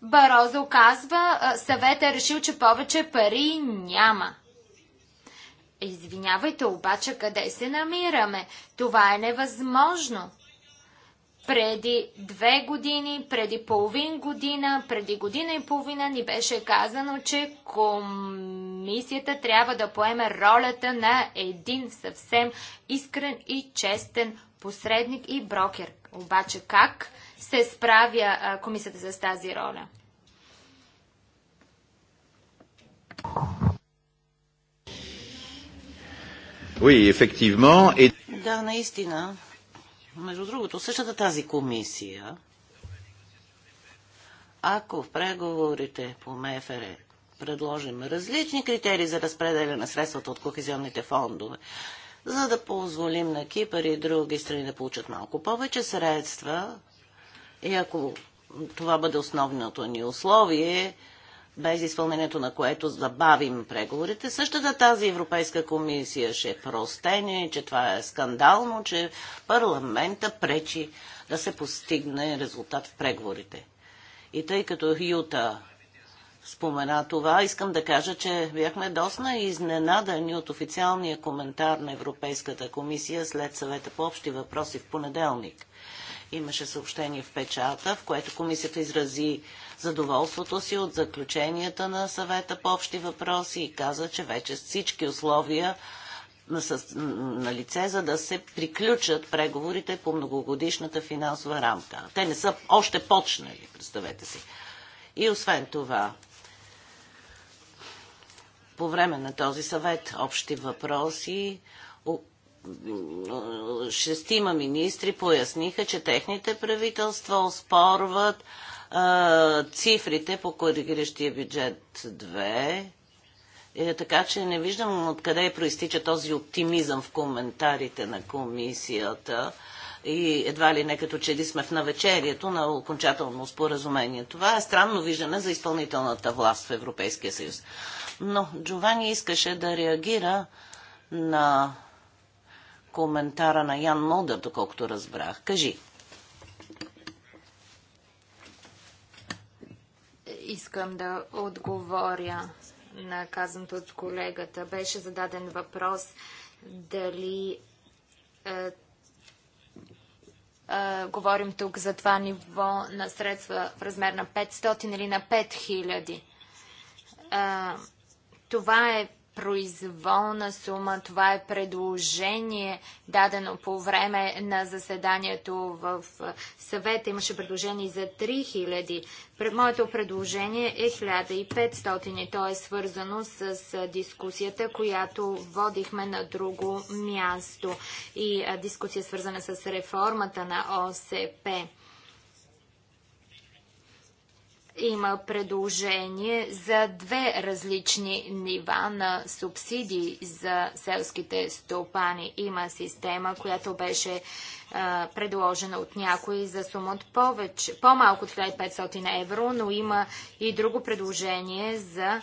Барозо казва, съветът е решил, че повече пари няма. Извинявайте, обаче къде се намираме? Това е невъзможно. Преди две години, преди половин година, преди година и половина ни беше казано, че комисията трябва да поеме ролята на един съвсем искрен и честен посредник и брокер. Обаче как се справя комисията с тази роля? Oui, effectivement. Да, наистина. Между другото, същата тази комисия, ако в преговорите по МФР е предложим различни критерии за разпределяне на средствата от кохезионните фондове, за да позволим на Кипър и други страни да получат малко повече средства, и ако това бъде основното ни условие, без изпълнението на което забавим преговорите. Същата тази Европейска комисия ще простене, че това е скандално, че парламента пречи да се постигне резултат в преговорите. И тъй като Юта спомена това, искам да кажа, че бяхме доста изненадани от официалния коментар на Европейската комисия след съвета по общи въпроси в понеделник. Имаше съобщение в печата, в което комисията изрази задоволството си от заключенията на съвета по общи въпроси и каза, че вече всички условия на лице, за да се приключат преговорите по многогодишната финансова рамка. Те не са още почнали, представете си. И освен това, по време на този съвет общи въпроси, шестима министри поясниха, че техните правителства оспорват цифрите по коригиращия бюджет 2. Е, така че не виждам откъде проистича този оптимизъм в коментарите на комисията и едва ли не като че ли сме в навечерието на окончателно споразумение. Това е странно виждане за изпълнителната власт в Европейския съюз. Но Джовани искаше да реагира на коментара на Ян Молдър, доколкото разбрах. Кажи. Искам да отговоря на казаното от колегата. Беше зададен въпрос дали е, е, говорим тук за това ниво на средства в размер на 500 или на 5000. Е, това е произволна сума. Това е предложение, дадено по време на заседанието в съвета. Имаше предложение за 3000. Моето предложение е 1500 и то е свързано с дискусията, която водихме на друго място и дискусия свързана с реформата на ОСП има предложение за две различни нива на субсидии за селските стопани. Има система, която беше предложена от някои за сума от повече, по-малко от 1500 евро, но има и друго предложение за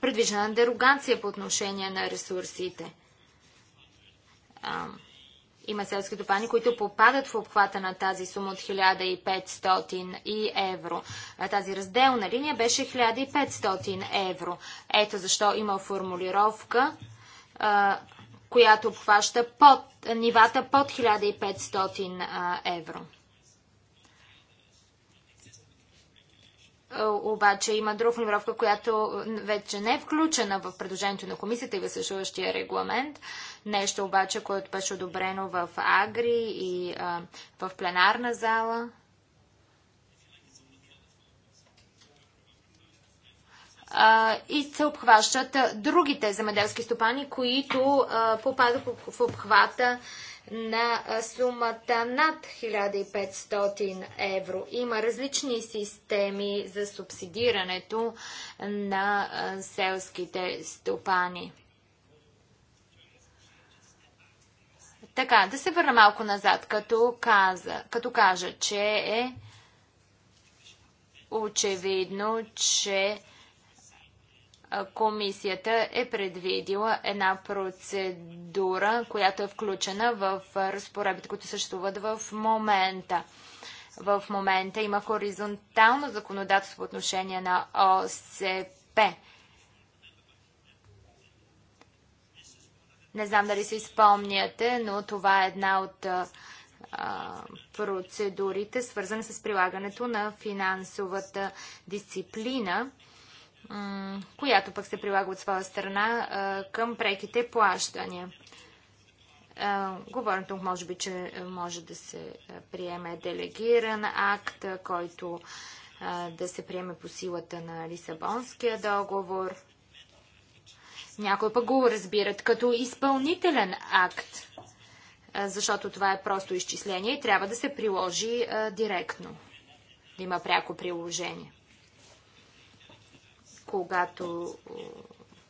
предвижена дерогация по отношение на ресурсите. А, има селски стопани, които попадат в обхвата на тази сума от 1500 евро. Тази разделна линия беше 1500 евро. Ето защо има формулировка, която обхваща под, нивата под 1500 евро. Е, обаче има друга формировка, която вече не е включена в предложението на комисията и в съществуващия регламент. Нещо обаче, което беше одобрено в Агри и в пленарна зала. и се обхващат другите земеделски стопани, които попадат в обхвата на сумата над 1500 евро. Има различни системи за субсидирането на селските стопани. Така, да се върна малко назад, като, каза, като кажа, че е очевидно, че комисията е предвидила една процедура, която е включена в разпоредбите, които съществуват в момента. В момента има хоризонтално законодателство по отношение на ОСП. Не знам дали се изпомняте, но това е една от процедурите, свързани с прилагането на финансовата дисциплина която пък се прилага от своя страна към преките плащания. Говорим тук, може би, че може да се приеме делегиран акт, който да се приеме по силата на Лисабонския договор. Някой пък го разбират като изпълнителен акт, защото това е просто изчисление и трябва да се приложи директно, да има пряко приложение когато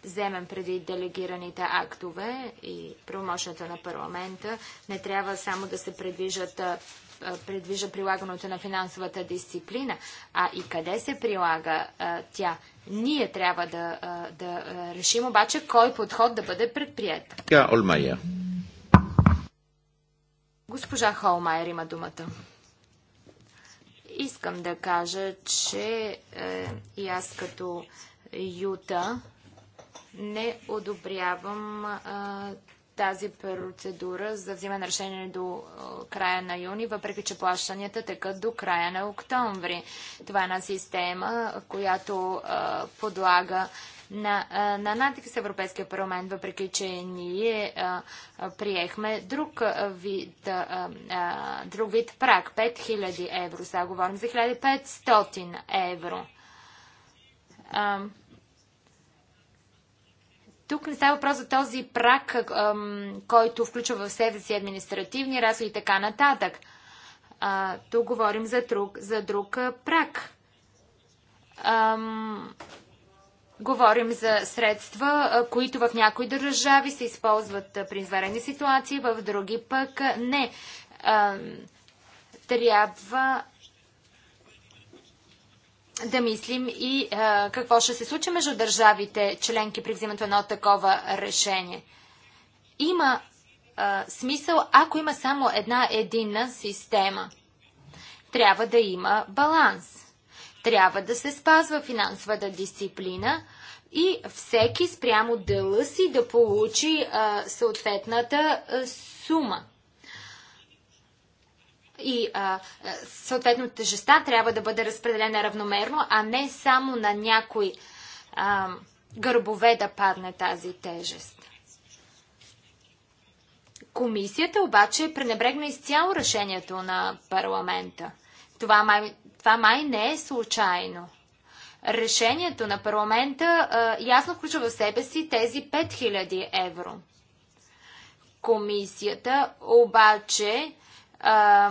вземем преди делегираните актове и промощната на парламента, не трябва само да се предвижат предвижда прилагането на финансовата дисциплина, а и къде се прилага а, тя. Ние трябва да, а, да решим обаче кой подход да бъде предприят. Госпожа Холмайер има думата. Искам да кажа, че е, и аз като Юта не одобрявам е, тази процедура за взимане решение до е, края на юни, въпреки че плащанията текат до края на октомври. Това е една система, която е, подлага на, на натиск с Европейския парламент, въпреки че ние а, приехме друг вид, а, а, друг вид прак 5000 евро. Сега говорим за 1500 евро. Тук не става въпрос за този прак, който включва в себе си административни разходи и така нататък. тук говорим за друг, за друг прак. Ам, Говорим за средства, които в някои държави се използват при изварени ситуации, в други пък не. Трябва да мислим и какво ще се случи между държавите членки при взимането едно такова решение. Има смисъл, ако има само една единна система. Трябва да има баланс. Трябва да се спазва финансовата дисциплина и всеки спрямо дела си да получи а, съответната а, сума. И а, съответно тежестта трябва да бъде разпределена равномерно, а не само на някой а, гърбове да падне тази тежест. Комисията обаче пренебрегна изцяло решението на парламента. Това май това май не е случайно. Решението на парламента а, ясно включва в себе си тези 5000 евро. Комисията обаче а,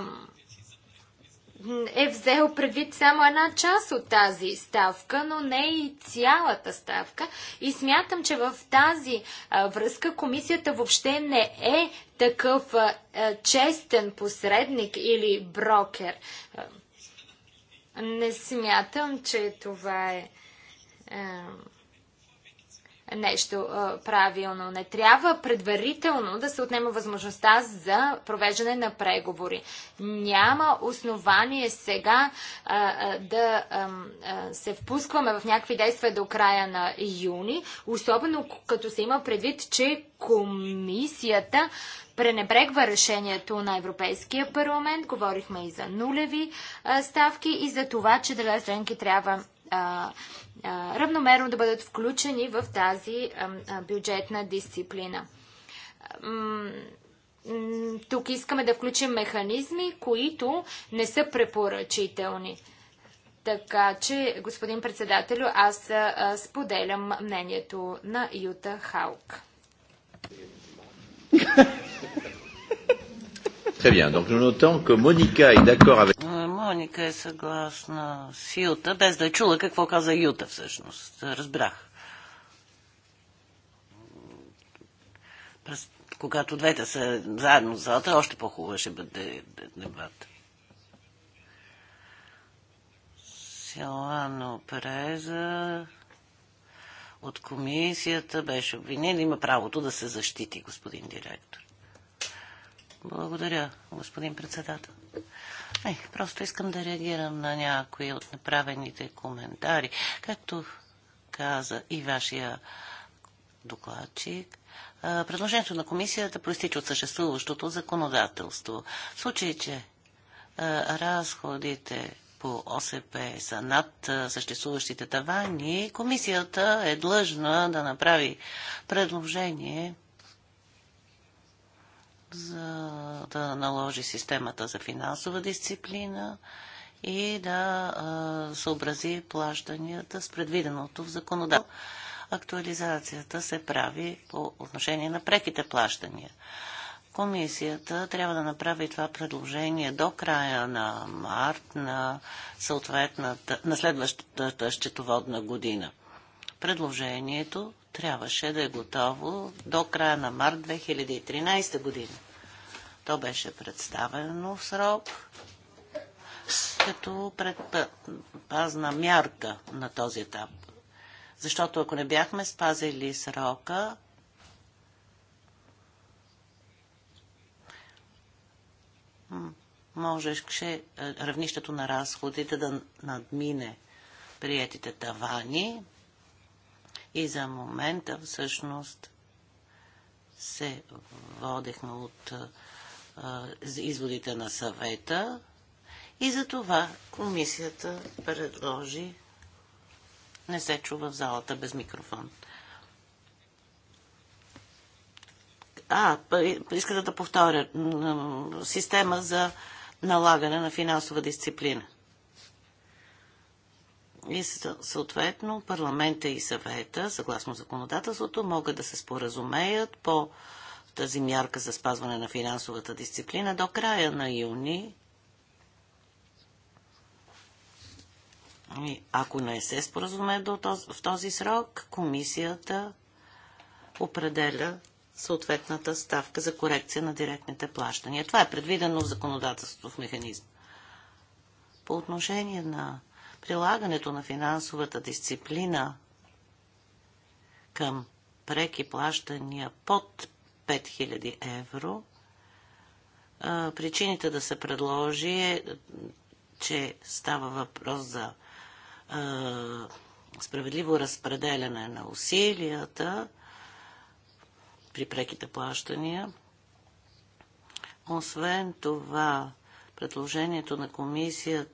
е взел предвид само една част от тази ставка, но не и цялата ставка. И смятам, че в тази а, връзка комисията въобще не е такъв а, честен посредник или брокер. Не смятам, че това е, е нещо е, правилно. Не трябва предварително да се отнема възможността за провеждане на преговори. Няма основание сега е, е да е, е, се впускваме в някакви действия до края на юни, особено като се има предвид, че комисията пренебрегва решението на Европейския парламент. Говорихме и за нулеви ставки и за това, че държави членки трябва равномерно да бъдат включени в тази бюджетна дисциплина. Тук искаме да включим механизми, които не са препоръчителни. Така че, господин председателю, аз споделям мнението на Юта Халк. Très bien. Donc nous notons que Monica est d'accord avec... Е, Моника е съгласна с Юта, без да е чула какво каза Юта всъщност. Разбрах. През, когато двете са заедно в залата, още по-хубаво ще бъде дебат. Силано Переза от комисията беше обвинен. Има правото да се защити, господин директор. Благодаря, господин председател. Ай, просто искам да реагирам на някои от направените коментари. Както каза и вашия докладчик, предложението на комисията проистича от съществуващото законодателство. В случай, че разходите по ОСП са над съществуващите тавани, комисията е длъжна да направи предложение за да наложи системата за финансова дисциплина и да а, съобрази плащанията с предвиденото в законодателството. Актуализацията се прави по отношение на преките плащания. Комисията трябва да направи това предложение до края на март на на следващата счетоводна година. Предложението трябваше да е готово до края на март 2013 година. То беше представено в срок като предпазна мярка на този етап. Защото ако не бяхме спазили срока, можеше е, равнището на разходите да надмине приетите тавани и за момента всъщност се водехме от а, е, е, изводите на съвета и за това комисията предложи не се чува в залата без микрофон. А, А, искате да повторя. Система за налагане на финансова дисциплина. И съответно парламента и съвета, съгласно законодателството, могат да се споразумеят по тази мярка за спазване на финансовата дисциплина до края на юни. И ако не се споразуме в този срок, комисията определя съответната ставка за корекция на директните плащания. Това е предвидено в законодателството в механизма. По отношение на прилагането на финансовата дисциплина към преки плащания под 5000 евро, причините да се предложи е, че става въпрос за справедливо разпределяне на усилията, при преките плащания. Освен това, предложението на комисията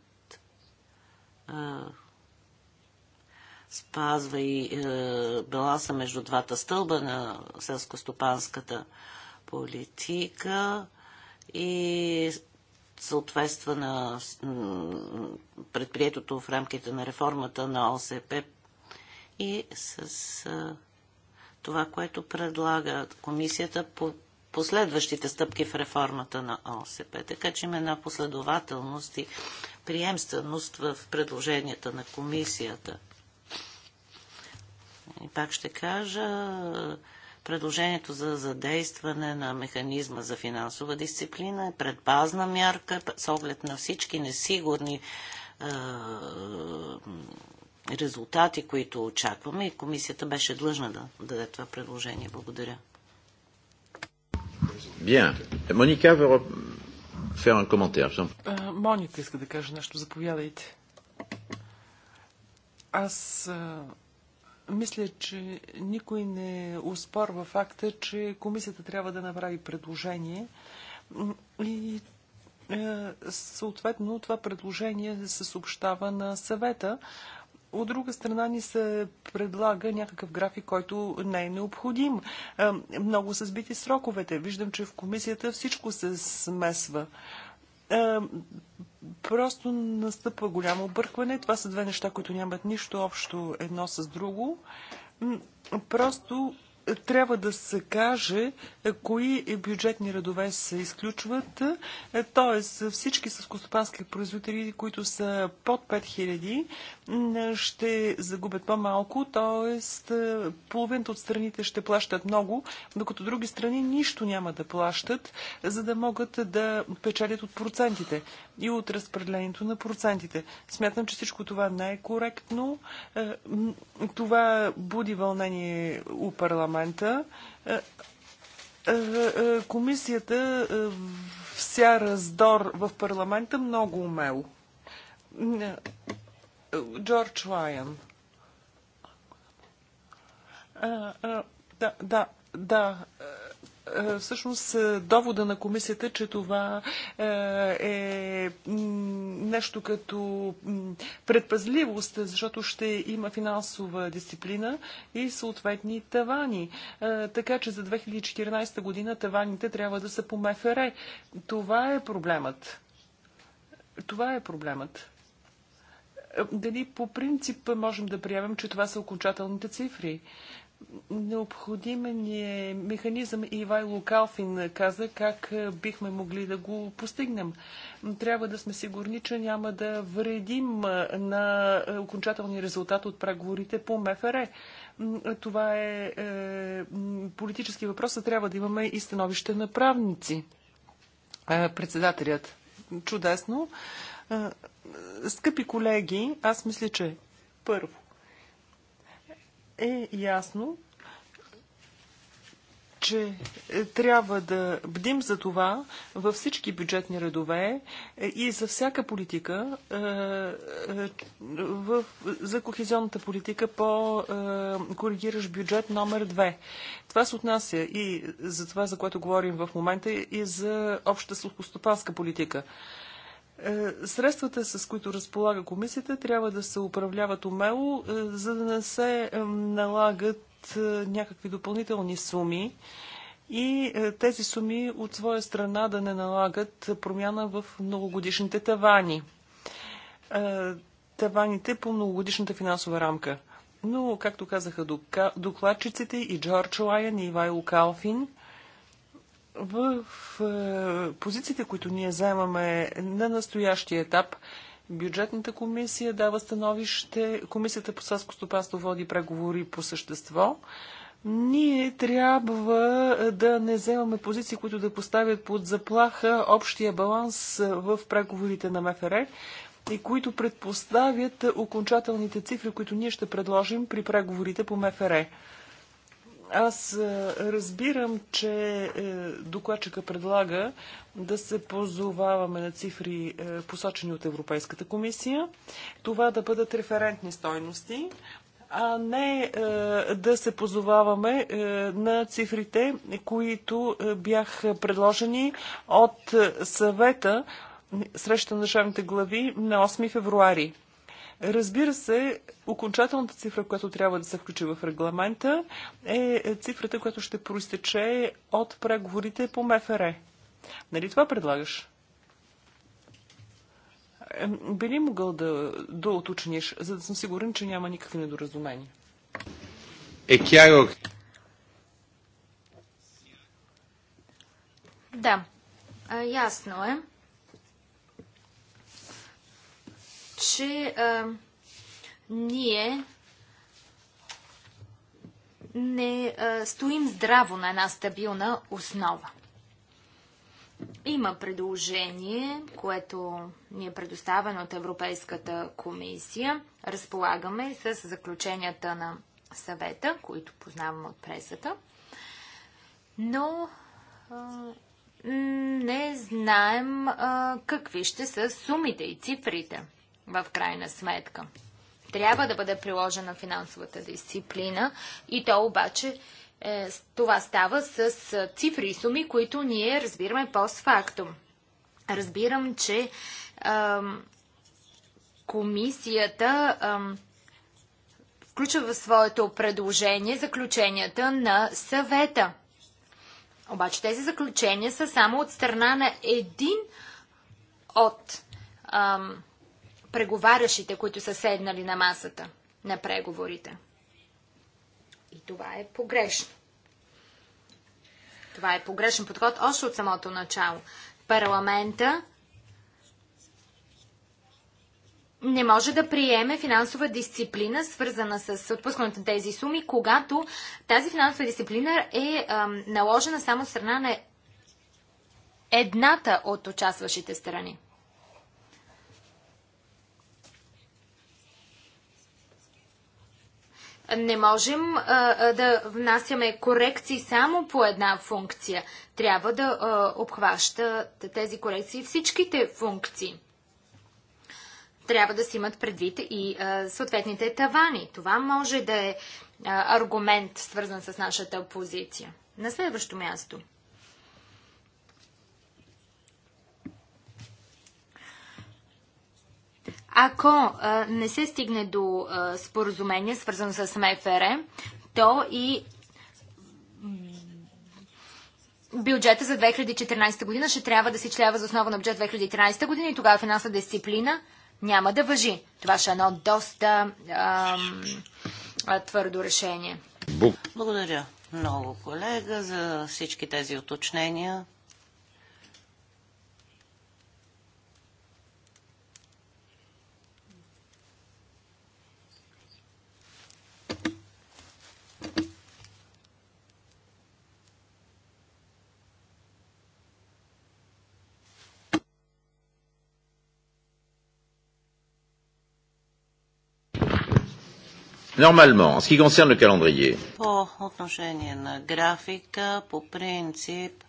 спазва и е, баланса между двата стълба на селскостопанската политика и съответства на предприетото в рамките на реформата на ОСП и с това, което предлага комисията по последващите стъпки в реформата на ОСП. Така че има една последователност и приемственост в предложенията на комисията. И пак ще кажа, предложението за задействане на механизма за финансова дисциплина е предпазна мярка с оглед на всички несигурни е, резултати, които очакваме и комисията беше длъжна да даде това предложение. Благодаря. Bien. Е, Моника veut faire un commentaire. Моника иска да каже нещо. Заповядайте. Аз мисля, че никой не успорва факта, че комисията трябва да направи предложение и съответно това предложение се съобщава на съвета. От друга страна ни се предлага някакъв график, който не е необходим. Много са сбити сроковете. Виждам, че в комисията всичко се смесва просто настъпва голямо объркване. Това са две неща, които нямат нищо общо едно с друго. Просто трябва да се каже кои бюджетни редове се изключват, Тоест, всички съскостопански производители, които са под 5000, ще загубят по-малко, т.е. половината от страните ще плащат много, докато други страни нищо няма да плащат, за да могат да печелят от процентите и от разпределението на процентите. Смятам, че всичко това не е коректно. Е, това буди вълнение у парламента. Е, е, комисията вся раздор в парламента много умело. Джордж Лайан. Да, да, да. Всъщност довода на комисията, че това е нещо като предпазливост, защото ще има финансова дисциплина и съответни тавани. Така че за 2014 година таваните трябва да са по МФР. Това е проблемът. Това е проблемът. Дали по принцип можем да приемем, че това са окончателните цифри? Необходим ни е механизъм и Вайло Калфин каза как е, бихме могли да го постигнем. Трябва да сме сигурни, че няма да вредим е, на е, окончателния резултат от преговорите по МФР. Това е, е политически въпрос, а трябва да имаме и становище на правници. Председателят. Чудесно. Скъпи колеги, аз мисля, че първо е ясно, че трябва да бдим за това във всички бюджетни редове и за всяка политика, е, е, за кохезионната политика по е, коригираш бюджет номер 2. Това се отнася и за това, за което говорим в момента, и за общата сухостопанска политика. Е, средствата, с които разполага комисията, трябва да се управляват умело, е, за да не се е, налагат някакви допълнителни суми и тези суми от своя страна да не налагат промяна в многогодишните тавани. Таваните по многогодишната финансова рамка. Но, както казаха докладчиците и Джордж Лайен и Ивайло Калфин – в е, позициите, които ние заемаме на настоящия етап, бюджетната комисия дава становище, комисията по селско стопанство води преговори по същество. Ние трябва е, да не вземаме позиции, които да поставят под заплаха общия баланс е, в преговорите на МФР и които предпоставят окончателните цифри, които ние ще предложим при преговорите по МФР. Аз е, разбирам, че е, докладчика предлага да се позоваваме на цифри е, посочени от Европейската комисия, това да бъдат референтни стойности, а не да се позоваваме на цифрите, които бяха предложени от съвета среща на държавните глави на 8 февруари. Разбира се, окончателната цифра, която трябва да се включи в регламента, е цифрата, която ще проистече от преговорите по МФР. Нали това предлагаш? Би ли могъл да, да уточниш, за да съм сигурен, че няма никакви недоразумения? Е, Кяго. Да, ясно е. че а, ние не а, стоим здраво на една стабилна основа. Има предложение, което ни е предоставено от Европейската комисия. Разполагаме с заключенията на съвета, които познаваме от пресата. Но а, не знаем а, какви ще са сумите и цифрите в крайна сметка. Трябва да бъде приложена финансовата дисциплина и то обаче е, това става с е, цифри и суми, които ние разбираме постфактум. Разбирам, че е, комисията е, включва в своето предложение заключенията на съвета. Обаче тези заключения са само от страна на един от Е, преговарящите, които са седнали на масата на преговорите. И това е погрешно. Това е погрешен подход още от самото начало. Парламента не може да приеме финансова дисциплина, свързана с отпускането на тези суми, когато тази финансова дисциплина е ам, наложена само страна на едната от участващите страни. Не можем да внасяме корекции само по една функция. Трябва да обхваща тези корекции всичките функции. Трябва да си имат предвид и съответните тавани. Това може да е аргумент, свързан с нашата позиция. На следващо място – Ако а, не се стигне до а, споразумение, свързано с МФР, то и бюджета за 2014 година ще трябва да се члява за основа на бюджет 2013 година и тогава финансова дисциплина няма да въжи. Това ще е едно доста ам, твърдо решение. Благодаря много, колега, за всички тези уточнения. Нормално, en ce qui concerne le calendrier. По отношение на графика, по принцип,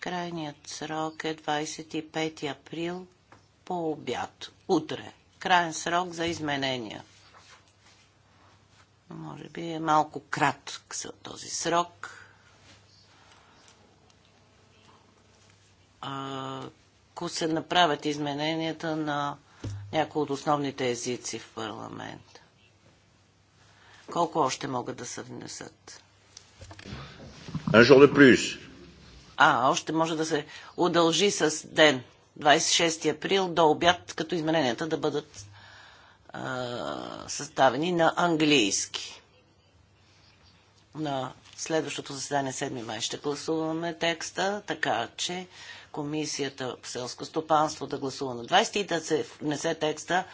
крайният срок е 25 април по обяд. Утре. Крайен срок за изменения. Може би е малко кратък за този срок. Ако се направят измененията на някои от основните езици в парламент. Колко още могат да се внесат? А, още може да се удължи с ден. 26 април до обяд, като измененията да бъдат а, съставени на английски. На следващото заседание 7 май ще гласуваме текста, така че комисията в селско стопанство да гласува на 20 и да се внесе текста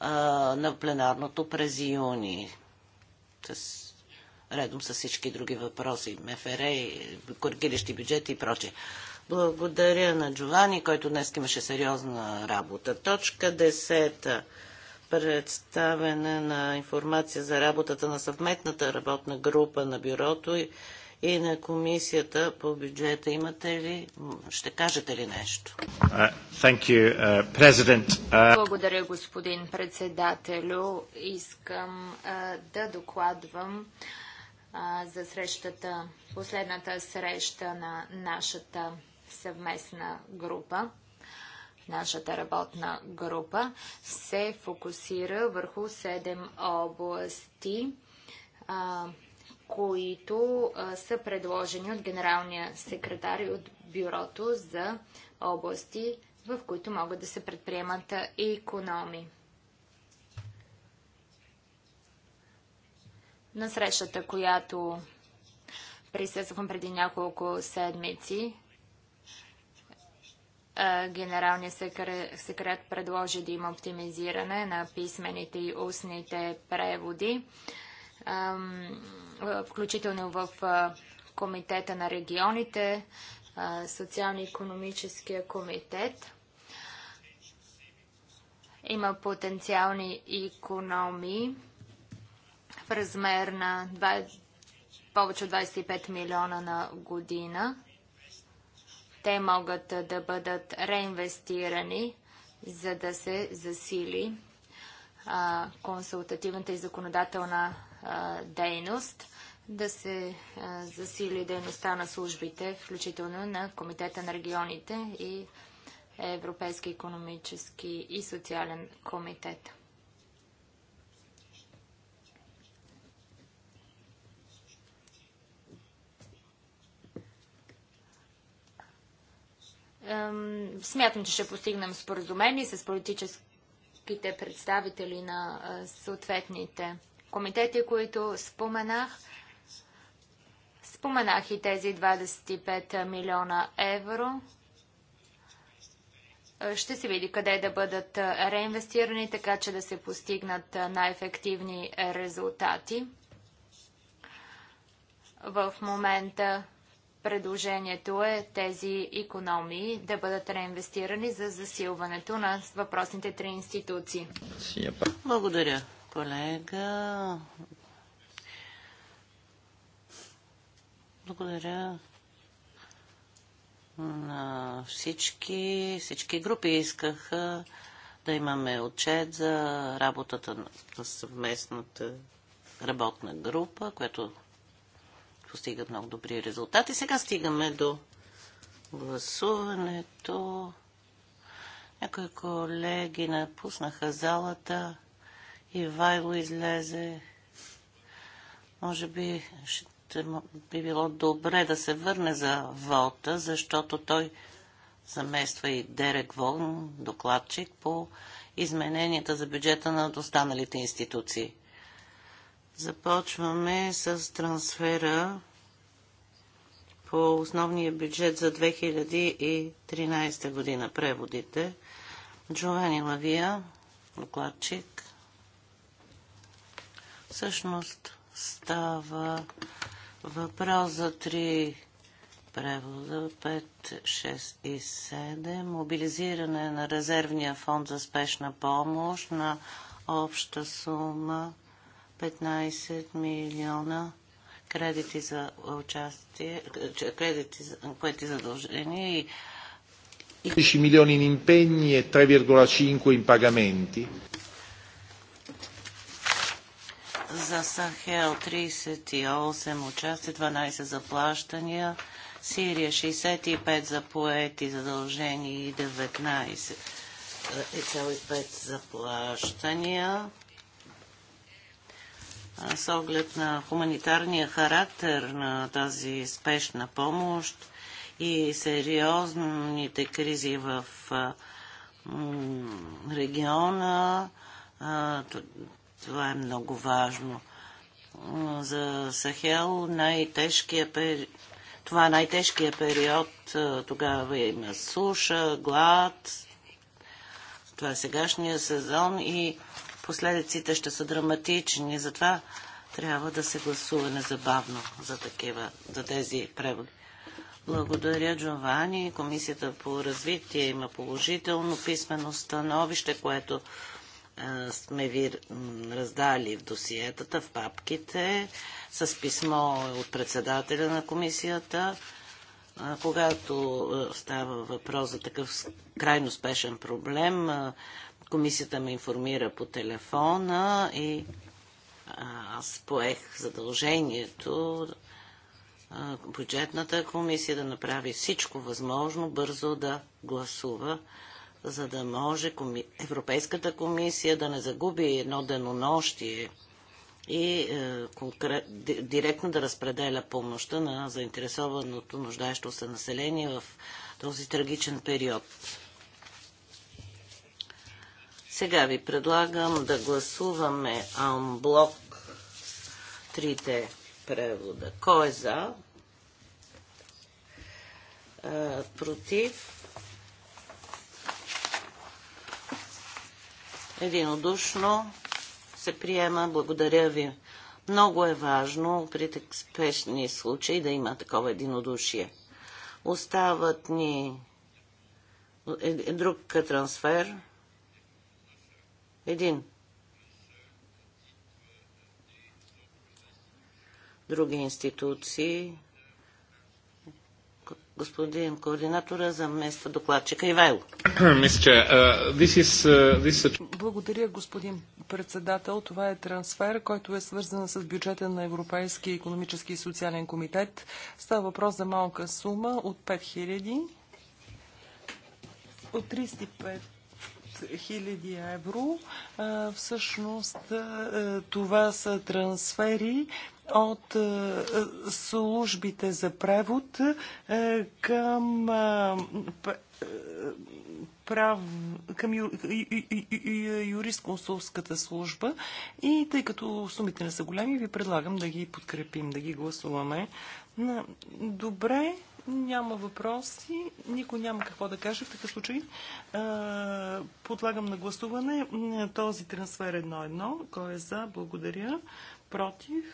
а, на пленарното през юни с, редом с всички други въпроси, МФР, коригиращи бюджети и прочее. Благодаря на Джовани, който днес имаше сериозна работа. Точка 10. Представене на информация за работата на съвметната работна група на бюрото и и на комисията по бюджета. Имате ли, ще кажете ли нещо? Uh, thank you, uh, President. Uh, Благодаря, господин председателю. Искам да докладвам за срещата, последната среща на нашата съвместна група нашата работна група се фокусира върху 7 области които а, са предложени от генералния секретар и от бюрото за области, в които могат да се предприемат и економи. На срещата, която присъствахме преди няколко седмици, генералният секрет предложи да има оптимизиране на писмените и устните преводи. Ам, включително в Комитета на регионите, Социално-економическия комитет. Има потенциални економии в размер на 20, повече от 25 милиона на година. Те могат да бъдат реинвестирани, за да се засили консултативната и законодателна дейност да се засили дейността на службите, включително на Комитета на регионите и Европейски економически и социален комитет. Смятам, че ще постигнем споразумение с политическите представители на съответните комитети, които споменах. Споменах и тези 25 милиона евро. Е, ще се види къде да бъдат е, реинвестирани, така че да се постигнат е, най-ефективни резултати. В момента предложението е тези економии да бъдат реинвестирани за засилването на въпросните три институции. Благодаря, колега. Благодаря на всички. Всички групи искаха да имаме отчет за работата на съвместната работна група, която постига много добри резултати. Сега стигаме до гласуването. Някои колеги напуснаха залата и Вайло излезе. Може би ще ще би било добре да се върне за Волта, защото той замества и Дерек Волн, докладчик по измененията за бюджета на останалите институции. Започваме с трансфера по основния бюджет за 2013 година. Преводите. Джовани Лавия, докладчик. Всъщност става Въпрос за три превода 5, 6 и 7. Мобилизиране на резервния фонд за спешна помощ на обща сума 15 милиона кредити за участие, кредити за поети е задължения и 10 милиони in impegni и e 3,5 in pagamenti. За Сахел 38 участие, 12 заплащания. Сирия 65 за поети задължени и 19,5 за е, заплащания. С оглед на хуманитарния характер на тази спешна помощ и сериозните кризи в региона, това е много важно. За Сахел най-тежкия пер... това е най тежкият период. Тогава има суша, глад. Това е сегашния сезон и последиците ще са драматични. Затова трябва да се гласува незабавно за такива, за тези преводи. Благодаря, Джовани. Комисията по развитие има положително писмено становище, което сме ви раздали в досиетата, в папките, с писмо от председателя на комисията. Когато става въпрос за такъв крайно спешен проблем, комисията ме информира по телефона и аз поех задължението бюджетната комисия да направи всичко възможно бързо да гласува за да може коми... Европейската комисия да не загуби едно денонощие и е, конкрет, директно да разпределя помощта на заинтересованото нуждаещо се население в този трагичен период. Сега ви предлагам да гласуваме Амблок трите превода. Кой е за? Е, против? единодушно се приема. Благодаря ви. Много е важно при спешни случаи да има такова единодушие. Остават ни е, е, друг трансфер. Един. Други институции. Господин координатора замества докладчика Ивайло. Благодаря, господин председател. Това е трансфер, който е свързан с бюджета на Европейския економически и социален комитет. Става въпрос за малка сума от 5000 от 35 000 евро. Всъщност това са трансфери от службите за превод към прав, към юрисконсулската служба и тъй като сумите не са големи, ви предлагам да ги подкрепим, да ги гласуваме. Добре, няма въпроси. Никой няма какво да каже в такъв случай. Подлагам на гласуване този трансфер едно-едно. Кой е за? Благодаря. Против?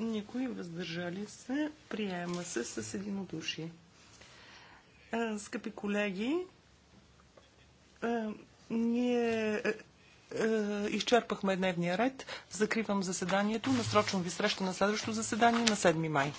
Никой. Въздържали се? Приема се с единодушие. Скъпи колеги, ние изчерпахме дневния ред. Закривам заседанието. Насрочвам ви среща на следващото заседание на 7 май.